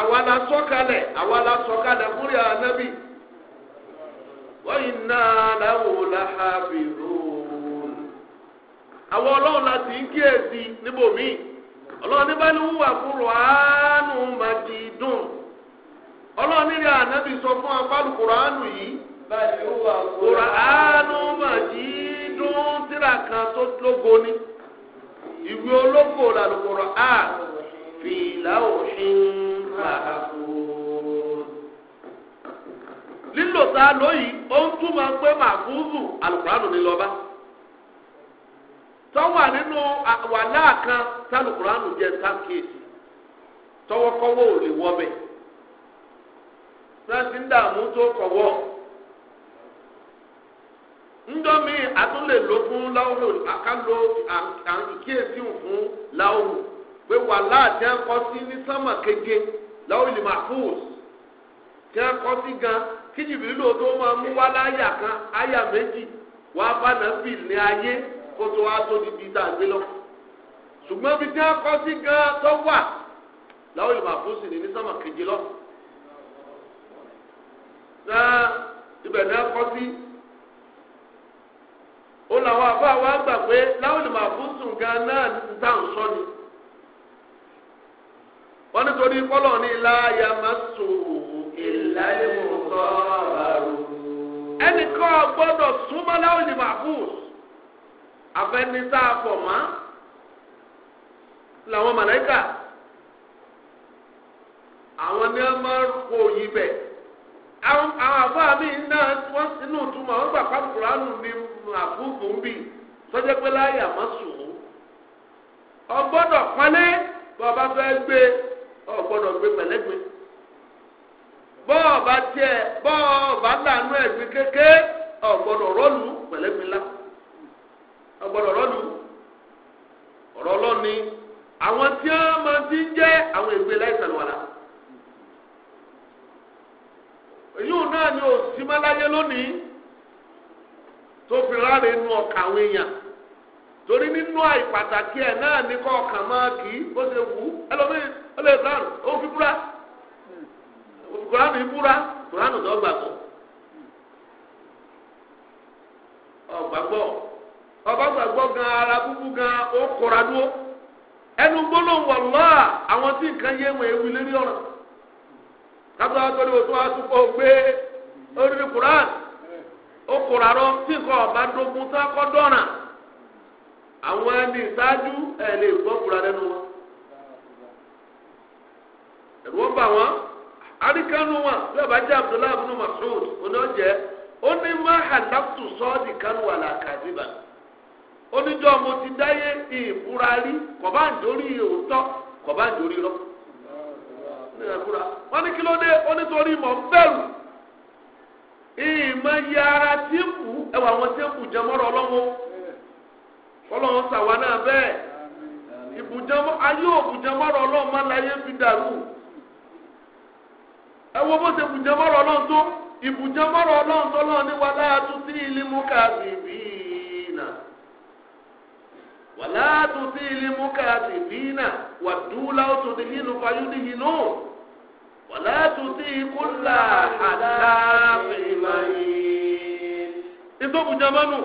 àwa la sọ kalẹ̀ àwa la sọ kalẹ̀ múlẹ̀ ànábì wà iná làwọn làhàbìrò àwọn ọlọ́run la ti ń kíyèsí níbòmí ọlọ́ọ̀ni bá ní wúwà fúnra ánú màdìdùn. ọlọ́ọ̀ni rẹ̀ ànábì sọ fún apálù kùránù yìí kùránù màjídùn tíra kan tó lógo ni ìwé ológo làlùkùrọ̀ á fìlà òfin màkúrò. lílò tá a lóyìí ó ń túmọ̀ pé màkúrù àlùkùránù ni lọ́ba tọ́wà nínú wàhálà kan tálùkùránù jẹ́ sákèjì tọwọ́kọ́wọ́ ò lè wọ́ bẹ́ẹ̀. rántí ń dààmú tó kọ̀wọ́ ndọ́mi àtúnlẹ̀ ló fún láwùrù àkàlò àkíyèsí fún láwùrù pé wà láàtí ẹ̀kọ́ sí ní fún ẹ̀kọ́ sí gan tó máa mú wá láyà kan áyà méjì wà bá nàbì ní ayé kó tó wá tó di lọ ṣùgbọ́n bí ẹ̀kọ́ sí gan tó wà láwùrù lè máa fún ní náà ibẹ̀ náà kọ́ sí. ó làwọn àbá wa gbà pé láwọn ìmọ̀ àfúnsùn gan náà ń tà ń sọ ni. wọ́n nítorí pọ́lọ̀ ní ilá ya máa sò ìlàlẹ́ mọ̀ sọ́ àbárò. ẹnìkan gbọ́dọ̀ súnmọ́ láwọn ìmọ̀ àfúnsùn afẹnisa afọmọ làwọn màláíkà àwọn ní a máa kó yí bẹ àwọn àbá mi náà wọ́n inú túmọ̀ wọ́n gbà ní àfúùfù ń bì pé láyà má sùn ó. ọgbọ́dọ̀ pọ́nlé bọ́ọ̀bá gbé ọgbọ́dọ̀ gbé pẹ̀lẹ́gbẹ́. bọ́ọ̀bá tiẹ̀ bọ́ọ̀bá lànà àwọn tí máa ti àwọn yóò náà ni ò símọ́ láyé lónìí tó fi ráre nu ọkà àwọn èèyàn torí nínú àìpàtàkì ẹ̀ náà ní kọ́ ọkàn máa kì í bó ṣe wù ú ẹlòmíì ó lè ó fi búra tó ọgbàgbọ́ ọgbàgbọ́ gan ara búbú gan ewu lérí kápẹ́tà wọn torí òtún àtúkọ̀ gbé orí kuran ó kura rọ tí nǹkan ọba dogun tó akọ dọ́ràn àwọn ẹni ìsáájú lè gbọ́ kura lẹ́nu wọn ẹ̀rù wọn bà wọn àríkànnù wọn bí ọba jẹ́ Abdullahi o Mas'ud oní ọ̀jẹ̀ ó ní wà làkàdìbà oníjọ́ mo ti dáyé ìbúra rí kọ̀bá ń òótọ́ kọ̀bá ń ní ẹ̀kúra wọ́n ní kí ló dé ó nítorí mọ̀ ń bẹ̀rù ìmọ̀ yẹ ara tí ń kú ẹwà àwọn tí ń kú jẹmọ́rọ̀ ọlọ́wọ́ ọlọ́wọ́ sàwa náà bẹ́ẹ̀ ìbùjẹmọ́ ayé òbùjẹmọ́rọ̀ ọlọ́wọ́ má láyé fi dàrú ẹwọ́ bó ṣe bùjẹmọ́rọ̀ ọlọ́wọ́ tó ìbùjẹmọ́rọ̀ ọlọ́wọ́ tó lọ́wọ́ ní wàlá àtúntì ilé mú káàbìbì náà wàlá àtúntì ilé mú káàbìbì náà wàdúlá ó tó wàlá tuntun ìkúlà àdáfìmáyé. ìtòkù jamanu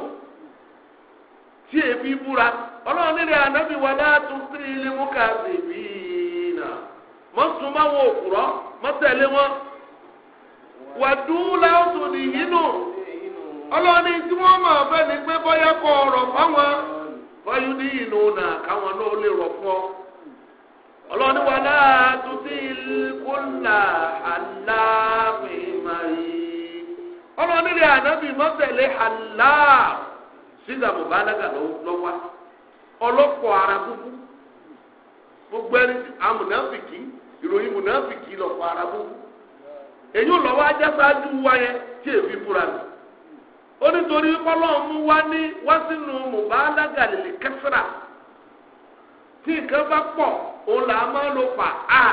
tí èbí búra ọlọ́run nílẹ̀ ànábì wàlá tuntun ilé mú ká ọlọ́ni tí wọ́n máa fẹ́ ni pé bọ́yá kọ ọ̀rọ̀ fáwọn bọ́yú ní ìnù náà káwọn náà lè rọ̀ fún ọ. ọlọ́ni wà láàtú sí kúlà aláàfìmáyé ọlọ́ni rẹ̀ ànábì mọ́tẹ̀lẹ́ aláà sígbà ala lọ́wọ́ ọlọ́pọ̀ ara búbú gbogbo ẹni amúnáfìkì ìròyìn múnáfìkì lọ́pọ̀ ara búbú èyí ò lọ́wọ́ ajásáájú wa yẹn tí èfi búra ó ní wá sínú lè kẹsìrà tí nǹkan bá o la á máa lò fà á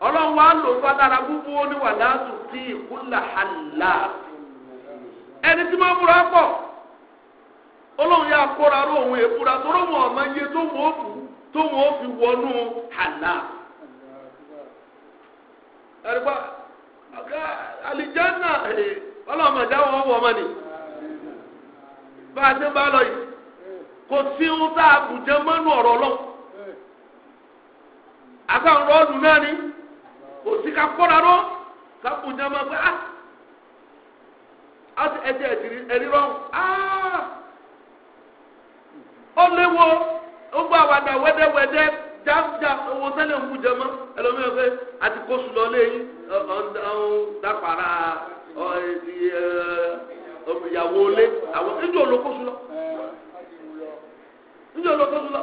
ọlọ́run wa lò gbogbo ní wàlá tùtì ìkúlà àlá ẹni tí máa múra pọ̀ ọlọ́run yà kóra tó ró wọn tó wọn ó bù tó wọn ó fi wọnú àlá ẹ̀rọ̀gbá àlìjánà ọlọ́mọ ìdáwọ̀ ni bá ṣe lọ yìí kò sí ohun tá a àtàwọn rọ́ọ̀dù náà ni kò sí ká kóra ró ká kù jẹ́ ọmọ pé ah àti ẹ̀jẹ̀ ẹ̀dìrí ẹ̀rí rọ́ọ̀ ah ó léwo ó gbọ́ àwàdà wẹ́dẹ́wẹ́dẹ́ jáfíjà owó sẹ́lẹ̀ ń kú jẹ mọ́ ẹlòmíràn pé àti kó sùn lọ léyìn ọ̀hún dápàrà ìyàwó ilé àwọn níjọ́ olókòsùn lọ níjọ́ olókòsùn lọ.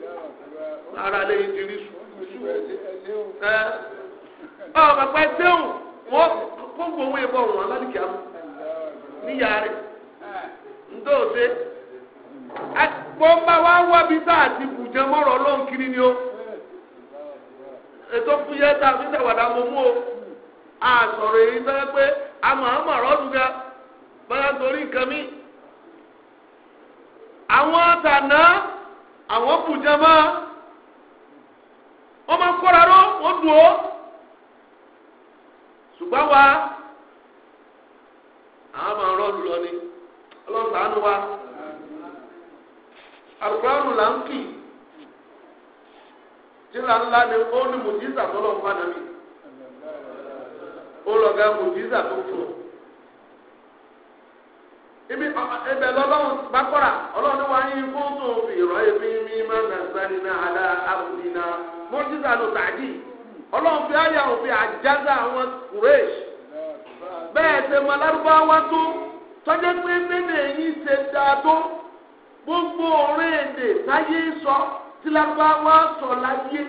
ara lè jiri rí sùn. ọ ẹgbẹ́hùn wọ́n gbogbo owó ìbọn wọn lálùkì àmú níyà rẹ̀ wa wá bí tá ti bùjẹ́ mọ́rọ̀ lọ́n kiri ni o ètò fúyẹ́ tá a fi sẹ̀wádà mọ́ mú o a sọ̀rọ̀ èyí sọ́yẹ́ pé àmọ́ ọ̀rọ̀ ga torí nǹkan mi àwọn tànà àwọn wọ́n máa kóra ró wọ́n dùn ó ṣùgbọ́n wa àwọn máa rọ́ọ̀lù lọ ni ọlọ́run wa àlùkòránù là ń kì í tíra ńlá ni ó ní mùjísà tó lọ́ọ́ fún ànábì ó lọ́ọ́ ibi ẹbẹ lọ́lọ́run bá kọra Ọlọ́run wa ní kó tó fi rọ ebi mi na nà sani náà ala ló tàdí Ọlọ́run fi àyà òfin àjáza àwọn kùrẹsì bẹ́ẹ̀ ṣe mọ alárúbáwá tó tọjá pé mẹlẹ yìí ṣe dáa tó gbogbo ọ̀rẹ́ èdè táyé sọ tí sọ láyé wọn sọ̀rọ̀ ibi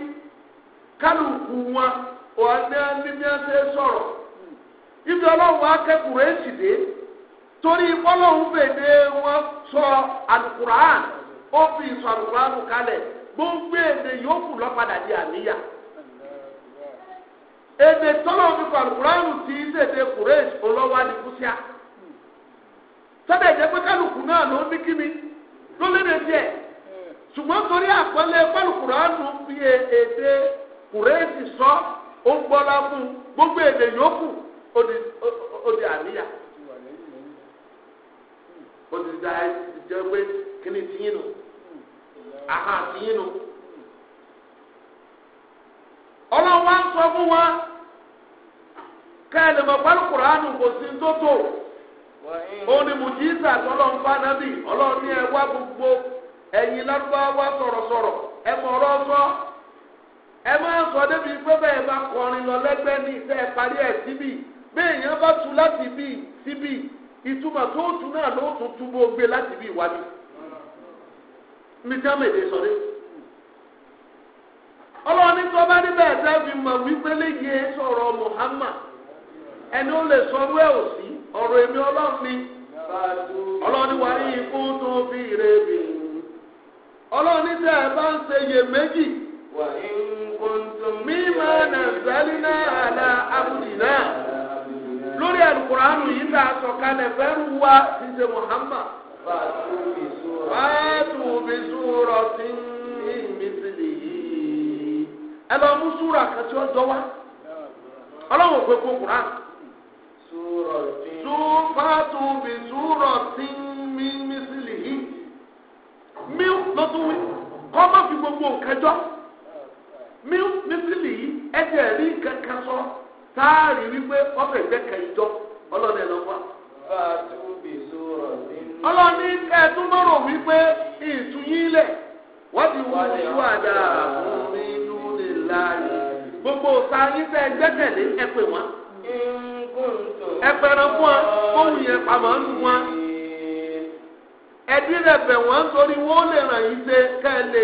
Ọlọ́run dé. torí bọ́lọ́hún fèdè wọn sọ alukuraan ó fi sọ alukuraan kalẹ̀ gbogbo èdè yòókù lọ́padà di àníyà èdè tọ́lọ́hún fi sọ alukuraan ti èdè olowa olówó adigunṣíà pé kálukú náà ló ní kíni ló léde ṣùgbọ́n torí fi sọ ó ń gbogbo èdè ó di ó ti da jẹ́ pé kíni tiyín nù àhà tiyín sọ fún wa kò sí mùjísà wá gbogbo lárúbáwá sọ̀rọ̀sọ̀rọ̀ mọ̀ sọ máa sọ débi pé bẹ́ẹ̀ bá kọrin lọ lẹ́gbẹ́ ní ìtumọ̀ tó tún náà ló tún túbọ̀ gbé láti bí ìwádìí mi já mèdè sọ dé ọlọ́run níbẹ̀ mọ̀ wípé léyìí sọ̀rọ̀ Muhammad ẹni ó lè sọ̀rọ̀ ẹ̀ ò sí ọ̀rọ̀ èmi ọlọ́run ni ọlọ́run ní ikú tó fi rè mí ẹ bá ń ṣe iye méjì mímọ́ nàìjíríà lórí àlùkùránù yìí tá a sọ kalẹ̀ fẹ́rù wa ti ṣe Muhammad. fàtú bí súrọ̀ sí ìmísìlì yìí. ẹ lọ mú súrà kan tí ó jọ wá ọlọ́run ò pé kó kùrán. fàtú bí súrọ̀ sí ìmísìlì yìí. mi ló tún wí kọ́ má fi gbogbo nǹkan jọ mi mísìlì yìí ẹ jẹ́ rí kankan sọ. táàrí wípé ọbẹ̀ gbẹ́kẹ̀ ìjọ ọlọ́dẹ lọ wá. ọlọ́ni ẹ̀tún mọ̀rọ̀ wípé ìtúnyílẹ̀ wọ́n ti wọ́n ti gbogbo ọ̀sà yín gbẹ́kẹ̀lé ẹ pè wọ́n. ẹ fún wa yẹn wọn. rẹ̀ bẹ̀ wọ́n wọ́n lè ràn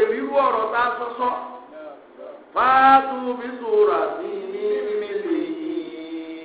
yín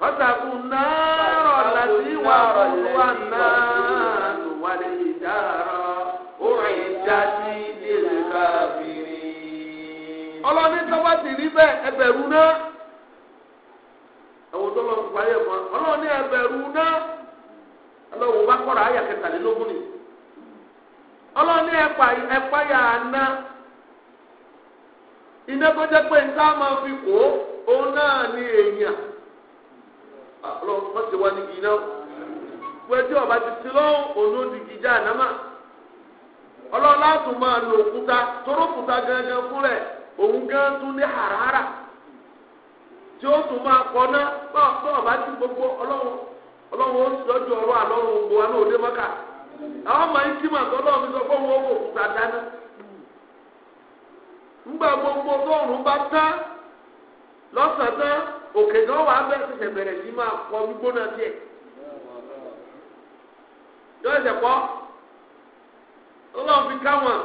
fọ́sàkù náírà láti náà wà lè dára orin dájú nílé káfíìrì. ọlọ́ni tọ́wọ́ ti rí bẹ́ẹ̀ ẹgbẹ̀rún ọlọ́ni ẹgbẹ̀rún náà ẹlọ́wọ̀n bá kọ́ra ayà kẹtàlélógún ọlọ́run wọ́n ti wá nígi na, wẹ́tí ọba ti ti lọ́wọ́ olódìgí já ànámà ọlọ́run láti máa lo òkúta tóró òkúta gangan fún rẹ̀ òun gan tún ní hàràhàrà tí ó tún máa kọ́ ná bá ọba ti gbogbo ọlọ́run ọlọ́run ó sì lọ́jọ́ ọ̀rọ̀ àlọ́run wa náà ó dé mọ́kà àwọn ọmọ yìí lọ́wọ́ mi sọ gbogbo tóòrùn bá tán òkè náà wà á bẹ̀rẹ̀ ṣẹ̀ṣẹ̀ bẹ̀rẹ̀ sí máa pọ̀ gbígbóná díẹ̀ yọ ẹsẹ̀ pọ̀ ọlọ́run fi ká wọn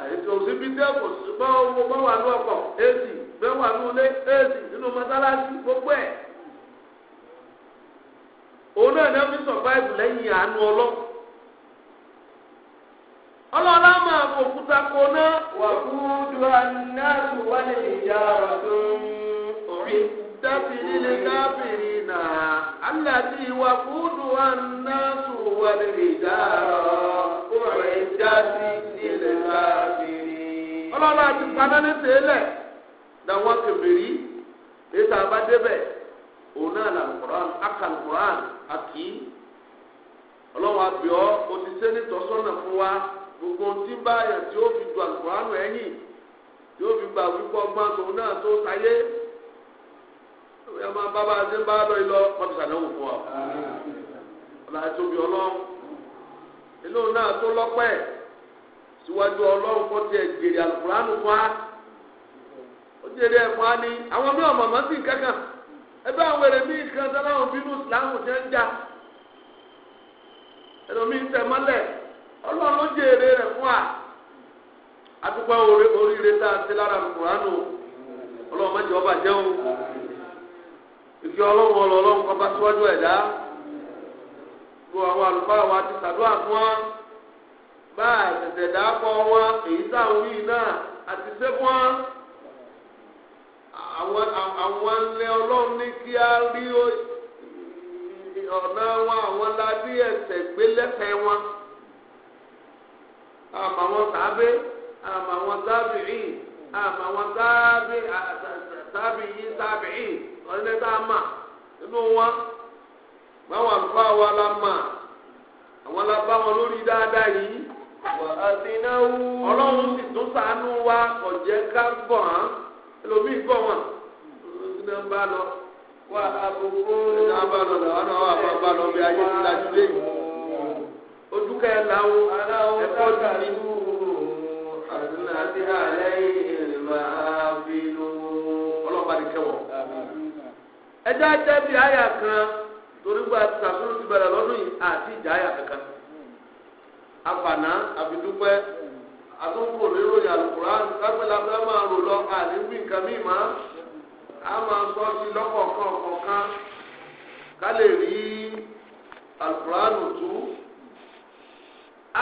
àìsàn òsínbí dẹ́kọ̀ ṣùgbọ́n owó bá wà ní ọkọ̀ bẹ́ẹ̀ wà ní nínú mọ́sálásí gbogbo ẹ̀ òun náà náà fi sọ̀báìbù lẹ́yìn àánú ọlọ́run ọlọ́lá máa fòkúta kóná àná ìjà بالدفن للكافرين التي وقودها الناس والحجارة أعدت للكافرين ọlọ́run àti panẹ́lẹ́ tẹ́lẹ̀ làwọn kẹfìrí ètò àbádébẹ̀ òun náà là kùrán akàn kùrán àkì ọlọ́run àbíọ́ òṣìṣẹ́ nítòsọ́nà fún wa gbogbo tí báyà tí ó fi du àlùkùránù ẹ máa bá a ṣe ń bá lọ ilọ fún wa ọlá tóbi Ọlọ́run ìlú náà tó lọ́pẹ́ síwájú Ọlọ́run kó tiẹ̀ jèrè àlùkùránù fún wa ó jèrè ní àwọn ọmọ màmá sì ń kankan ẹbí àwọn èrè mí kan bínú jẹ ń jà tẹ mọ́lẹ̀ Ọlọ́run ló jèrè fún wa oríire tá a ti lára ìfi ọlọ́wọ́ ọlọ́wọ́ kọ́ bá síwájú ẹ̀dá gbogbo àwọn àlùfáà wa ti ṣàdúrà fún wa bá àtẹ̀tẹ̀ dàpọ̀ wa èyí tá à ń náà àti ṣe fún wa àwọn ọlọ́run ní kí á rí ọ̀nà wọn àwọn gbé wọn wọn ní ẹgbẹ́ àmà nínú wọn báwọn àlùfáà wa la ma àwọn la bá wọn lórí dáadáa yìí. wà á ti ọlọ́run tún wa ọ̀jẹ̀ ká gbọ̀n án ẹlòmíì gbọ̀n wọn ọ̀sìn náà bá lọ. wà á bòbò. ẹ̀dá bá lọ làwọn náà wà bá bá lọ bí ayé ti lajú lé yìí. ojúkà ẹ̀ ẹ̀kọ́ jù ní. ọlọ́run bá ẹjọ́ ajá bíi àyà kan torí gba sàkúrò ti bẹ̀rẹ̀ lọ́dún yìí àti ìjà àyà kankan àfànà àfidúpẹ́ àtúnkò níròyìn Al-Qur'an lágbèlà fẹ́ máa rò lọ àní wí nǹkan mí máa a máa sọ sí lọ́kọ̀ọ̀kan kọ̀ọ̀kan ká lè rí Al-Qur'an tú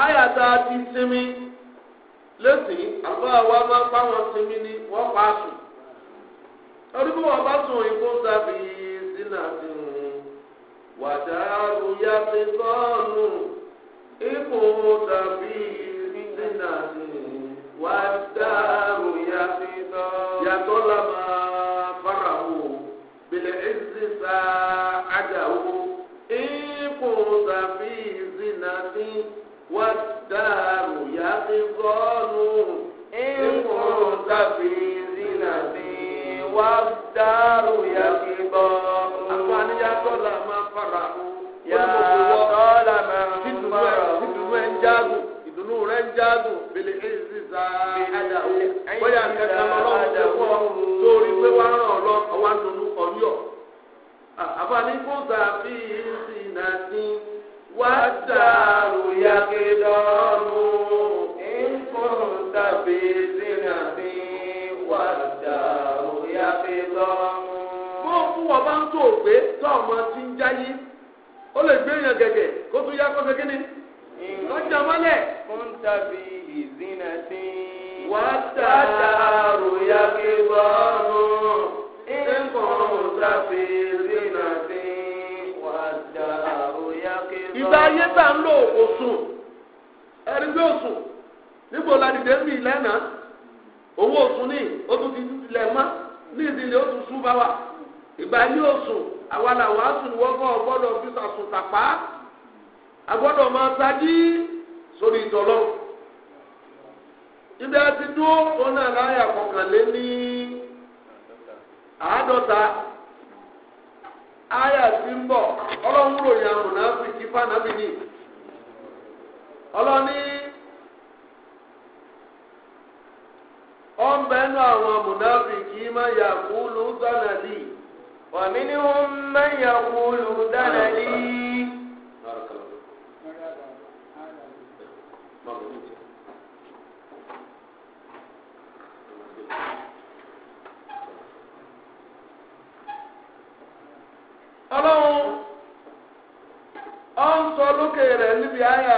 àyà tá a ti sinmi lẹ́sìn àbọ̀ àwa máa ń bá wọn sinmi ni wọ́n pa á orúkọ wọn bá sùn ikú sábì sínú àfihàn wàdàrú yàtí sọ́ọ̀nù ikú sábì sínú àfihàn wàdàrú yàtí sọ́ọ̀nù. yàtọ̀ la máa fara wò bìlẹ̀ ẹ̀sì sá àjà wò ikú sábì sínú àfihàn wàdàrú yàtí sọ́ọ̀nù ikú sábì sínú àfihàn. والدار يقضاء يا ظلم فرح يا ظلم فرح ìdùnnú rẹ̀ ń jágùn bèlè ẹ̀ẹ́dìzà àdàwọ̀ bóyá kẹta ọlọ́run tó wọ̀ lórí pé wàá ràn ọ́ lọ ọwọ́ àdùnnú ọ̀yọ́. ọmọ ti ń jáyé ó lè gbé èèyàn gẹ̀gẹ̀ kó tún yá kó ṣe kíni. lọ́jà mọ́lẹ̀. fún tàbí ìzínà sí. wà á ya kí ìzínà sí. wà á ya kí ìgbà ayé tá ń lò gbé òsùn lẹ́nà owó òsùn tún ti lẹ̀ mọ́ ìbálẹ̀ òsùn àwa làwọn àsùn wọ́gọ́ ọgbọ́dọ̀ fi sàsùn tàpá agbọ́dọ̀ máa tají sórí ìtọ́lọ́ ibi àti dúró òun náà láyà kọkànlé ní àádọ́ta àyà tí ń bọ̀ ọlọ́run ròyìn àrùn náà fi kí ní ọlọ́ni ọ̀nbẹ́nu àwọn máa yà kú ومنهم من يقول دن لي ọlọ́run ọ ń sọ lókè rẹ̀ níbi àyà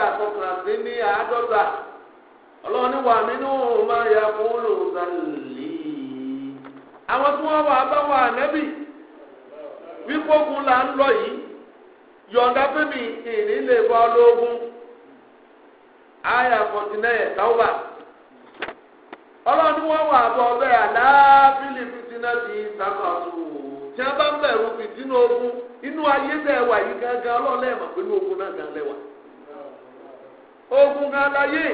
ní àádọ́ta ọlọ́run ní wà nínú máa yà kó lòdà lè. àwọn tí wọ́n wà bá wà wípé la là ń lọ yìí yọ̀ǹda fẹ́mi ìní lè bọ́ lógún àyà fọ̀tínẹ́yẹ táwọ́bà ọlọ́run wọn wà bọ̀ bẹ́ẹ̀ àdáfílì fìtínà ti sàkàtù tí wọ́n bá ń bẹ̀rù fìtínà ogun inú ayé bẹ́ẹ̀ wà yìí gángan ọlọ́run lẹ́ẹ̀mọ̀ ogun náà gan lẹ́wà ogun gan láyé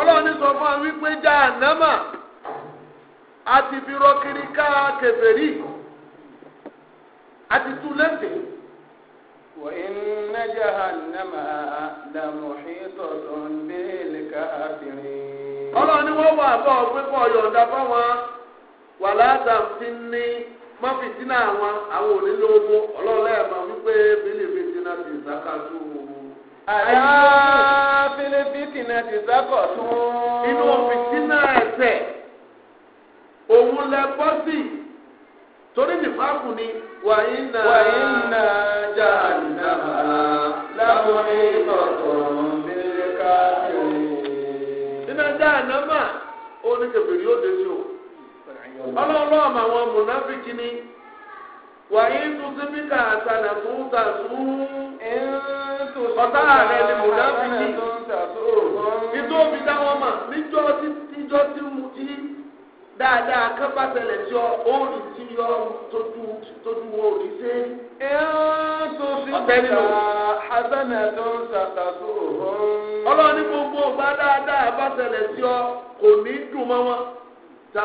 ọlọ́run sọ fún wa wípé jahannama a ti fi rọ kiri ká a ti tú lẹ́sẹ̀. wa inna jahannama ọlọ́run wọ́n wà bọ́ pé kọ́ yọ̀ǹda fáwọn wàlá tàǹfìní má fìtínà àwọn àwọn onílé owó ọlọ́run máa wípé náà ti ala Fílípìtì náà sákọ̀ tún. Inú fìtínà ẹ̀ṣẹ̀ òun lẹ bọ́ sí torí ni wàyí nà wàyí nà jà nà lábọ́lé ọ̀tọ̀ nílé káàkiri. Nínú ẹja ànámà, ó ní kẹfìrí ó dé sí o. wàyí tuzimika asana tún ta sùn. ọ̀tá rẹ̀ ni mùnàfíkì. ìtò òbí dáwọ́ mà níjọ́ tíjọ́ tí mo ti dáadáa kápásẹ̀lẹ̀ tí ọ òòrì tí yọ tójú wo òòrì ṣe. ètò síbíkà asana tún ta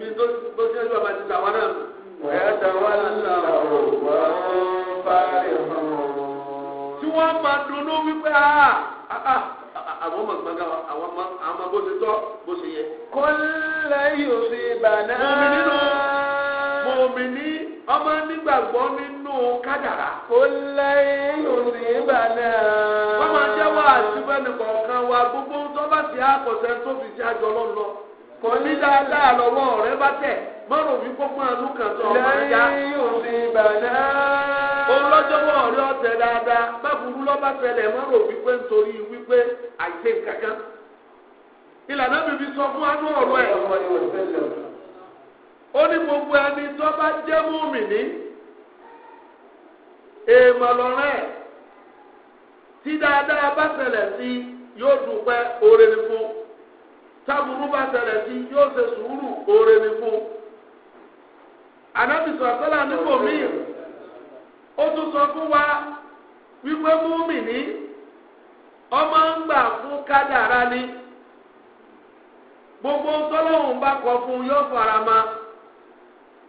bí tó tó ṣe lọ bá ti tà wọn náà. ẹ̀ẹ́dà wà lára òwò fáre hàn. tí wọ́n máa dunnú wípé ah, ah, ah, àwọn ọmọ gbọ́ngàn àwọn ọmọ àwọn bó ṣe tọ́ bó ṣe yẹ. kó lẹ́yìn òsì bàná. mọ̀mí nínú mọ̀mí ní ọmọ nígbàgbọ́ nínú kádàrá. kó lẹ́yìn òsì bàná. wọ́n máa jẹ́wọ́ àti bẹ́ẹ̀ nìkan kan wa gbogbo tó bá ti àkọsẹ́ tó fi ṣe lọ́nà. kò ní dáadáa lọ́wọ́ ọ̀rẹ́ bá tẹ̀ mọ́rò wí gbogbo àánú kan tó ọmọ ẹja. lẹ́yìn òsì ìbàdàn. olójọ́wọ́ ọ̀rẹ́ ọ̀tẹ̀ dáadáa lọ́ba wípé nítorí wípé àìsè kankan. ìlànà bíbí sọ fún anú ọ̀rọ̀ ẹ̀. ó ní gbogbo ẹni tó táburú bá tẹ̀lẹ̀ sí yóò ṣe sùúrù oore ní fún un. ànábìsọ̀ sọ́là nípò míì ó tún sọ fún wa wípé múmi ní ọmọ ń gbà fún kádàrá ni gbogbo tọ́lọ́hùn bá kọ fún yóò fara ma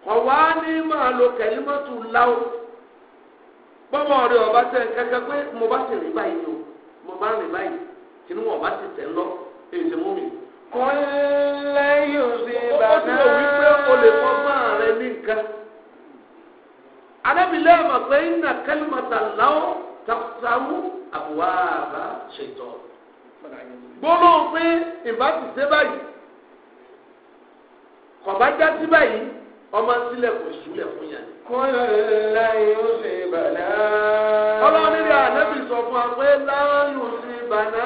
kọ̀ wá ní máa lo kẹ̀límọ́tù láwù bọ́mọ rẹ̀ ọba tẹ̀ kẹ́kẹ́ pé mo bá rí báyìí o mo bá rí báyìí tinú ọba sì tẹ̀ ń lọ èyí ti kúnlẹ̀ yóò sì bàbá. ó ti lò wípé o lè fọgbọ́n rẹ ní nǹkan. alábìlẹ̀ ọmọ pé iná kẹ́límọ̀tà láwọ́ tàkùtàwù àbúwá àbá ṣètò. gbóló pé ìbátí ṣe báyìí kọ̀bá já sí báyìí ọmọ sílẹ̀ kò sílẹ̀ fún yàn. kúnlẹ̀ yóò sì bàbá. ọlọ́run ní ànábì sọ fún wa pé láyò sí bàbá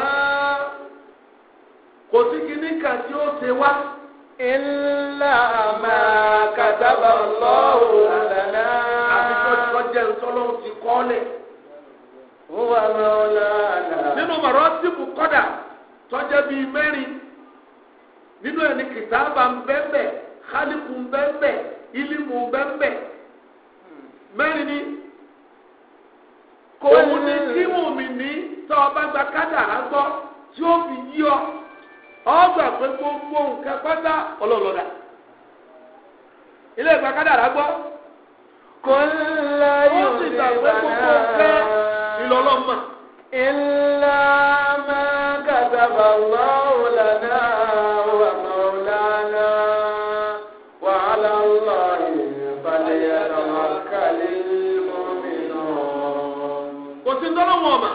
kò sí kíní kan tí ó ṣe wá. ilà máa kàtàbà lọ́wọ́ lànà. àfikún ọjọ́ jẹ́ ntọ́lọ́hún ti kọ́ lẹ̀. wà lọ́la àná. nínú mọ̀rọ́ sípò kọ́dà tọ́jà bíi mẹ́rin nínú ẹni kìtàbà ń bẹ́ẹ̀ kálíkù ń bẹ́ẹ̀ ìlímù ń bẹ́ẹ̀ mẹ́rin ni kò wù ní kí wùmí ní tọ́ ọba gba kádàrá gbọ́ tí ó fi yí ọ ọgbà pé gbogbo nǹkan pátá ọlọ́lọ́dà ilé ìgbà kádàrá gbọ́ kò ńlá yóò sì gbà pé gbogbo nǹkan ìlọ́lọ́mà. illa ma kataba Allahu lana wa maulana wa ala Allahi falyatawakkalil mu'minun. kò sí tọ́lọ́wọ̀n ọ̀mà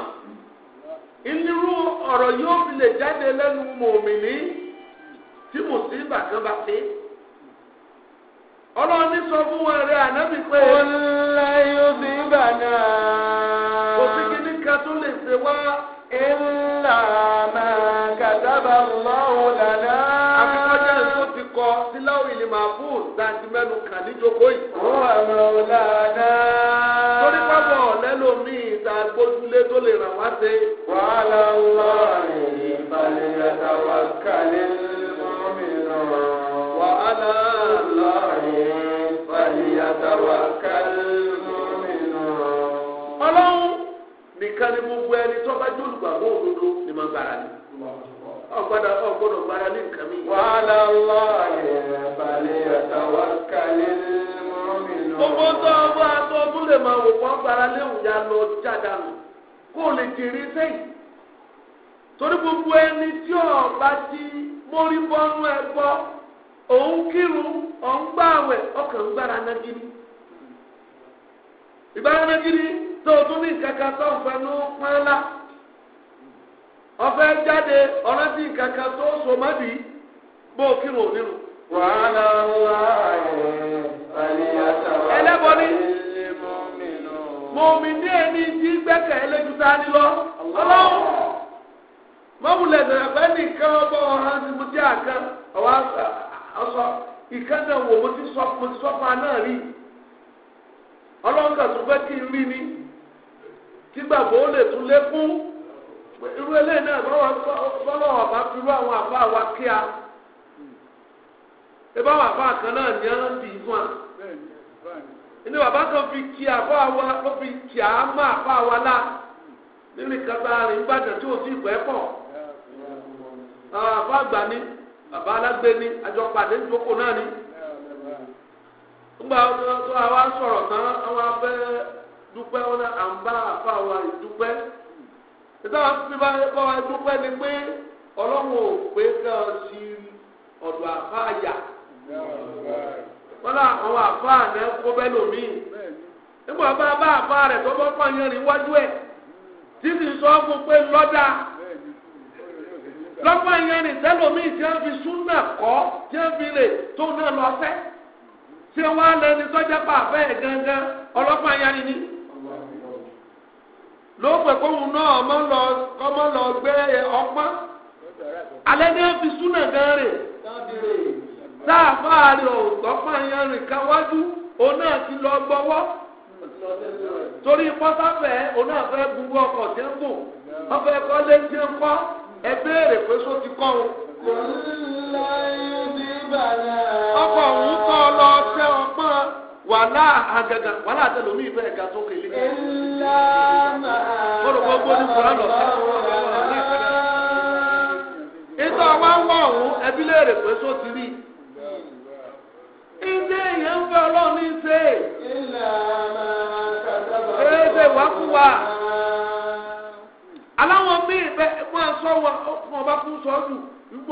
ọ̀rọ̀ yóò fi lè jáde lẹ́nu mòmìnì tí mùsíbà kan bá sí. ọlọ́run ní sọ fún wọn rẹ ànábì pé. ọ̀la yóò fi bà náà. kò sí kíní kan tó lè ṣe wá. ìlà máa kàdábà lọ́wọ́ dáná. àfikọ́jà èso ti kọ síláwìlì màbúù dájú mẹ́nu kàn níjókòó yìí. ó wà lọ́wọ́ dáná lẹ́lòmíì tá a gbójúlé tó lè ràn wá sí. wàhálà ńlá ìbàlẹ̀ àtàwà kálẹ̀ mọ́mìnà. wàhálà ńlá ìbàlẹ̀ àtàwà kálẹ̀ mọ́mìnà. ọlọ́run nìkan ni gbogbo ẹni tó bá jólùgbàgbọ́ òdodo ni máa gbára ni. ọgbọ́dọ̀ ọgbọ́dọ̀ gbára ní nǹkan mi. wàhálà ńlá ìrẹ̀lẹ̀ àtàwọn kalẹ̀ mọ́mìnà. gbogbo tó o bá tó o tún lè máa wò ya lọ jáda nù kó o lè jèrè torí gbogbo ẹni tí ọba ti mórí bọ́nú ẹ gbọ́ òun kírun òun ọkàn gbára nagiri. nagiri tó o tún ní nǹkan kan tó ń ọfẹ jáde ọlọsí kankan tó sọmọdì bó kírun nínú. wàhálà ńlá ẹ̀ ẹlẹ́bọ ni mọ̀mí ní ẹni tí gbẹ́kẹ̀ ẹlẹ́gùsá ni lọ ọlọ́run mọ̀mùlẹ̀ dẹ̀rẹ̀fẹ́ nìkan ọgbà ọ̀hán ni mo jẹ́ àkàn ọ̀wá ọ̀sọ̀ ìkànnà wo mo ti sọ mo ti sọ fún aná rí ọlọ́run kí n rí ni ó lè irú eléyìí náà bọ́lọ̀ ọ̀bá firú àwọn àbá wa kíá ebá wà bá kan náà ní ọ́n bì í fún wa bàbá kan fi kí àbá wa ló fi kí á má àbá wa lá nínú ìkàtà rẹ̀ nígbàdàn tí ò sí pọ̀ ni bàbá alágbé ni ni nígbà tó wọn à ń bá àbá wa ìdúpẹ́. ìtàwọn fi bá bá wa dúpẹ́ ni pé ọlọ́run ò pé kan sí ọ̀dọ̀ àfáàyà wọn àwọn àfáà náà kó bẹ́ẹ̀ lómi nígbà bá bá àfáà rẹ̀ tó bọ́ pààyàn rí wájú ẹ̀ títí sọ fún pé lọ́dà lọ́pọ̀ ìyẹn ni tẹ́lómi tí wọ́n fi súnà kọ́ tí wọ́n fi lè tó náà lọ́sẹ̀ tí wọ́n á lẹni tọ́jà pàfẹ́ gangan ọlọ́pàá ìyẹn ni. ló pẹ̀ kóhun náà ọmọ lọ ọmọ lọ gbé ọpọ́n alẹ́ ní fi súnà gan rè sáàfáà rẹ̀ nri ka yẹn rìn òun náà ti lọ gbọwọ́ torí pọ́sáfẹ́ òun náà fẹ́ gbogbo ọkọ̀ tí ń wọ́n fẹ́ wàhálà àgàgà wàhálà àtẹlómi ìfẹ́ ẹ̀ka tó kéle. ńlá máa ní lọ sí. ìtọ́ wa ń ọ̀hún ẹbí léèrè pé só ti rí. ilé ń fẹ́ ọlọ́run ní aláwọn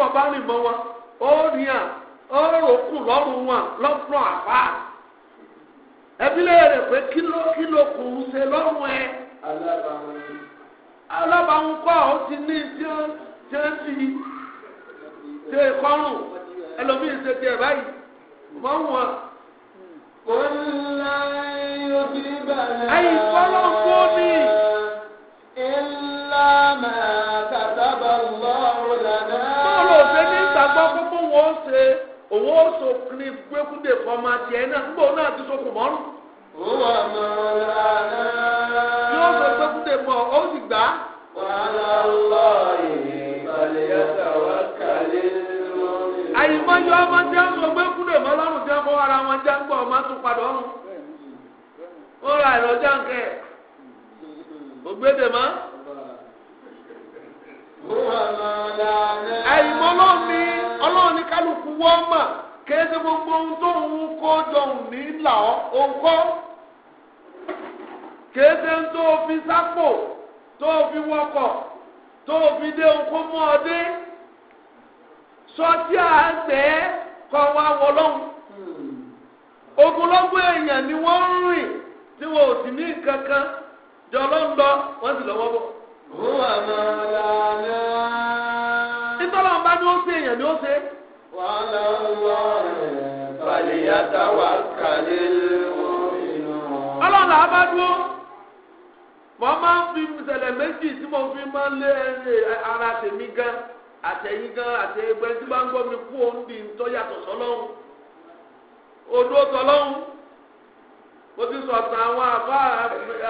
ọba nígbà rìn mọ́ ó rí à ó ẹbí léèrè pé kíló kíló kò ń ṣe lọ́rùn ẹ. alábàáhùn kọ́ ó ti ní jẹ́ǹsì ṣe kọ́rùn ẹlòmíì ṣe tiẹ̀ báyìí mọ́ wọn. Kòlá yóò ń wọ́n ṣe. òun ó sokùn fọmọ tiẹ̀ náà nígbà òun náà ti sokùn mọ́rùn. wà á mọ àná. yóò sọ gbẹ́kúndé fọ ó sì gbà. wàhálà lọ ìbàlẹ̀ yàtà wà kálí lórí. àyìnbáyọ ọmọ tí wọn sọ gbẹ́kúndé mọ́ lọ́rùn tí wọn ara wọn já ń gbọ́ ọmọ tó padà ó ra ìrọ̀jà kálukú wọ́n mọ̀ kéde gbogbo ohun tó ń kó jọ ní là ó kọ́ kéde tó fi sápò tó fi wọkọ̀ tó fi dé okó mọ́ ọ dé sọtí àtẹ kọ́ wa wọlọ́hùn ogunlọ́gbọ̀n èèyàn ni wọ́n ń rìn tí wọn ò sì ní nǹkan kan jọ ló ń lọ wọ́n sì lọ́wọ́ bọ̀. ó wà máa lálẹ́. nítorí àwọn bá ní ó ṣe èèyàn ni ó ṣe é. وعلى الله فليتوكل المؤمنون ọlọ́run àbá dúró mo máa ń fi ìṣẹ̀lẹ̀ méjì tí mo fi máa ń lé ara tèmi gan àtẹ̀yìn gan àtẹ̀gbẹ́ tí bá ń gbọ́ mi kú òun bí tó yàtọ̀ sọlọ́hún odó o mo ti sọ̀tàn àwọn àbá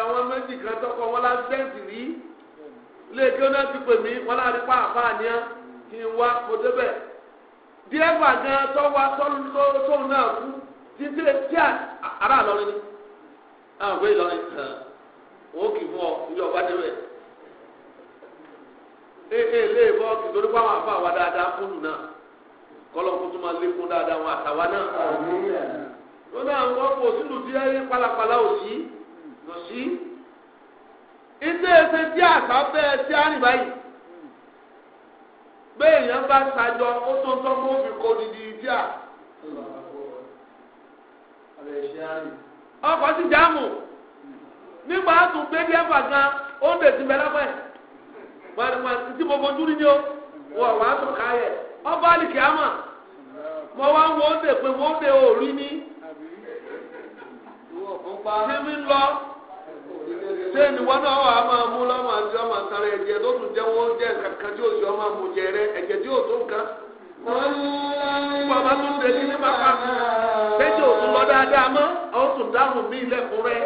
àwọn méjì kan tọkọ wọn lásìdẹ́ǹtì rí lè kí ó náà ti pè díẹ́fà gan tọ́wá tọ́lọ́tọ́wọ́ náà kú títí tí ara àlọ́rin ni àwọn ìlọrin hàn wọ́n kì í fún ọ ilé ọba débẹ̀. ee ee lè afọ àwa dáadáa fún náà kọ́lọ́kùn tó máa lékún dáadáa wọn àtàwa náà. náà wọ́n kò sínú òsì ilé tí tí a rìn báyìí. bẹ́ẹ̀ yẹn bá tajọ ó tó tán kó fi kó didi ìjà. ọkọ̀ ti jáàmù nígbà tó gbé díẹ̀ fà gan ó ń dèsí mẹ́lá pẹ́ wàlúwà tí mo fojú rí ni ó wà tó ká yẹ ọba àlìkè ṣé ìwọ náà wà á máa mú lọ́mọ àti ọmọ àtàrà ẹ̀jẹ̀ tó tún jẹ́ wọ́n jẹ́ kankan tí òṣì ọmọ àmú jẹ rẹ ẹ̀jẹ̀ tí ò tó nǹkan. bàbá tún tẹ̀lé ní bàbá tẹ́jọ́ ò tún lọ dáadáa mọ́ ó tún dáhùn mí lẹ́kùn rẹ.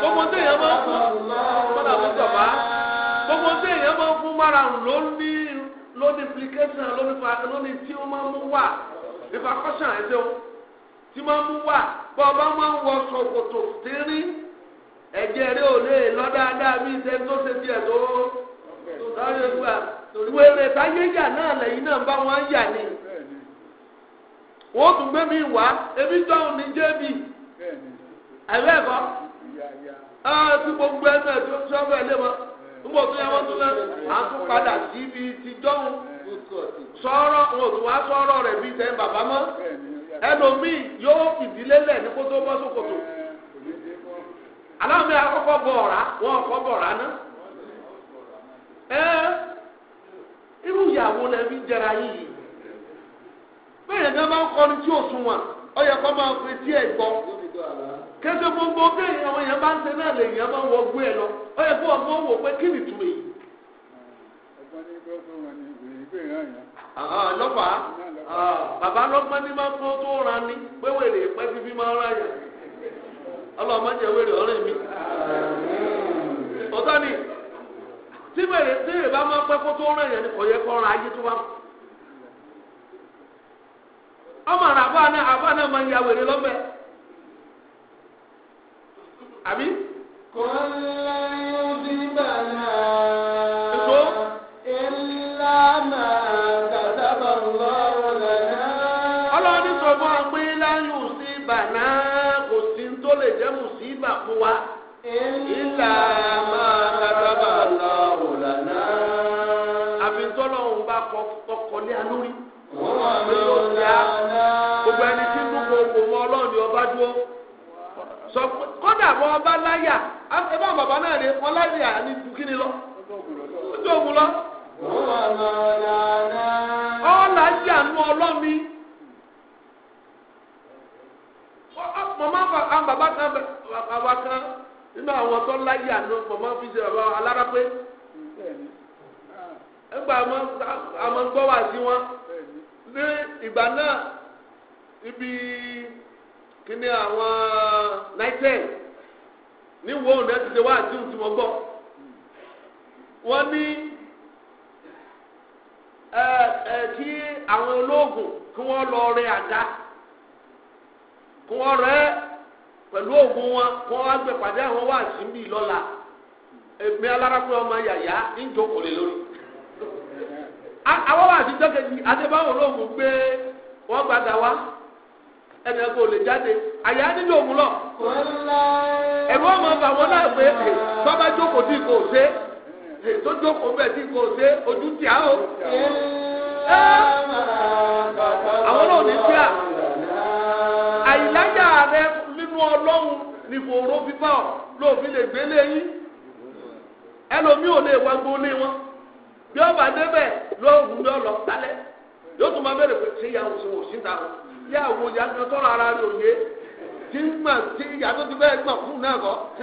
gbogbo téèyàn máa ń fún mọ́nà àwọn bàbá gbogbo téèyàn máa ń fún mára ló ní ló ní implication ló ní tí ó máa ń mú wà ìfàkọ́ṣàn ẹ̀jẹ̀ o tí máa mú wà bọ́ọ̀bá máa ń wọ ṣòkòtò tírín ẹ̀jẹ̀ rẹ̀ ò lè lọ dáadáa bí iṣẹ́ tó ṣe tiẹ̀ tó lọ́yọ̀ gbà wèrè táyé yà náà lẹ́yìn náà bá wọn yà ni wọ́n tún gbé mi wá ebi tọ́hún ní jébì ẹ̀rọ ẹ̀kọ́ ẹ̀ tí gbogbo ẹ̀ náà tó sọ́fẹ̀ lé wọn nígbà tó yẹ wọ́n tún lẹ́ àtúnpadà síbi ti tọ́hún sọ̀rọ̀ wọn ò tún wá sọ̀rọ̀ rẹ̀ bíi tẹ́ bàbá mọ́. ẹlòmíì yóò fìdílé lẹ̀ ní kótó bọ́ sókòtò akwụkwọ mi àkọ́kọ́ bọ̀ ọ̀rá wọn kọ́ bọ̀ ọ̀rá ná ẹ irú ìyàwó lẹ fi jẹra yìí ni wọ́n máa ń ọ yẹ kó máa fi gbogbo àwọn èèyàn bá ń náà lèèyàn ọ yẹ kó wò pé kí ni Ah, ah, lọ́fà ah, bàbá lọ́gbọ́n ní máa fún tó ra ni pé wèrè pẹ́ fífi máa ra yà ọlọ́mọdé wèrè ọ̀rẹ́ mi. ni tí wèrè tí bá máa pẹ́ tó ra yà ni kò yẹ kó ra ayé tó bá ọmọ àbá náà àbá náà máa ń ya wèrè fún wa. ìlà máa kàtàbà lọ òlànà. àfi tọ́lọ́hún bá kọ́kọ́ lé alórí. wọ́n lè ya gbogbo ẹni tí ọlọ́run ni ọba dúró. ọba láyà ẹ bá bàbá náà ya yà ọlọ́mi. mọ̀mọ́ àwa kan nínú àwọn tó láyé àná mọ̀mọ́ fi ṣe bàbá alára pé ẹgbà àmọ́ gbọ́ wà sí wọn ní ìgbà náà ibi kíni àwọn nitel ní wo òun náà ti ṣe wá àti ohun tí wọ́n gbọ́ wọ́n ní kí àwọn olóògùn kí wọ́n lọ rẹ àga kí wọ́n rẹ. pẹ̀lú òògùn wọn wọn wá gbé pàdé àwọn wá Eme lọ́la èmi alára pé ọmọ yàyà ń jókòó lé lórí àwọn wà sí jọ́kẹ́jì àtẹ̀báwò lóògùn gbé wọ́n gbàdá wá ẹni ò lè jáde àyà nílò òun lọ. ẹ̀rú ọmọ wọn náà pé bàbá jókòó kò tó jókòó kò ojú a ó. àwọn náà ní tí a àyíláyà rẹ nínú ọlọ́run ni kòòró fífà lóòfin lè gbélé yín ẹlòmíì ò lè wá gbólé wọn bí ọba lóògùn bí ọlọ yóò tún máa pé ṣé ìyàwó sọ o ara òye tí ń tí ti bẹ́ẹ̀ gbà fún náà tí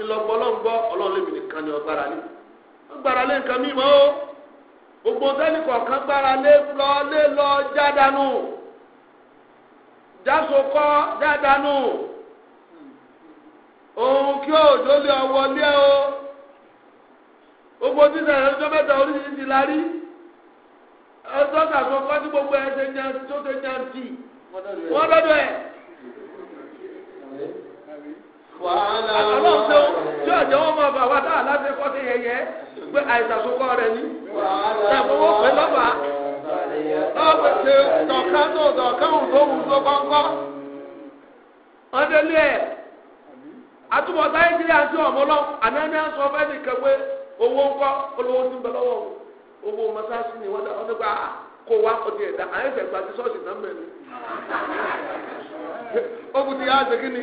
ńlọgbọ ọlọ́ngbọ́ ọlọ́ọ̀lẹ́mì nìkan ni ọgbára lé ọgbára lé nǹkan mímọ́ o gbogbo sẹ́ni kọ̀ọ̀kan gbára lé lọ lé lọ jádànù jásokọ́ jádànù òun kí òjò lé ọwọ́ lé o gbogbo títẹ̀ ẹ̀rọ mẹ́ta oríṣiríṣi la rí tí gbogbo ẹ̀ ṣe jẹun ṣe jẹun tì wọ́n ẹ̀. àtọ́lọ́n tó tí ọ̀jọ́ wọn máa bà wá dáa láti kọ́ sí yẹyẹ pé àìsàkókò rẹ̀ ni ṣàkóso pé lọ́ba ọ̀pẹ̀ ṣe dọ̀ká tó dọ̀ká òun tó wù tó kọ́ńkọ́ ọ̀dẹ́lẹ̀ ẹ̀ àtúbọ̀ táyé ti rí àti ọ̀mọ́ lọ ànáni à ń sọ fẹ́ nìkan pé owó ńkọ́ olówó ti ń bẹ lọ́wọ́ owó mọ́sáàsì ni wọ́n dá ọ́ nípa ah, kó wá ọdún ẹ̀dá àyẹ̀fẹ̀ gbàtí sọ́ọ̀sì náà mẹ́rin ó kù ti yá àṣekínni.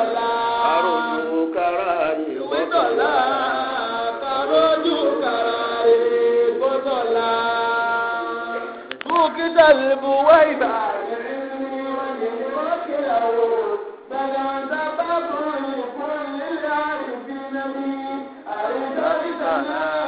dọ̀la. Arojú kara rè bọ́ dọ̀la. Arojú kara rè bọ́ dọ̀la. Bùkí dàlíbù wá ìdá. Bàdàndà bá fún ìfún ìlà ìbí nàbí. Àrùjọ́ ìdáná.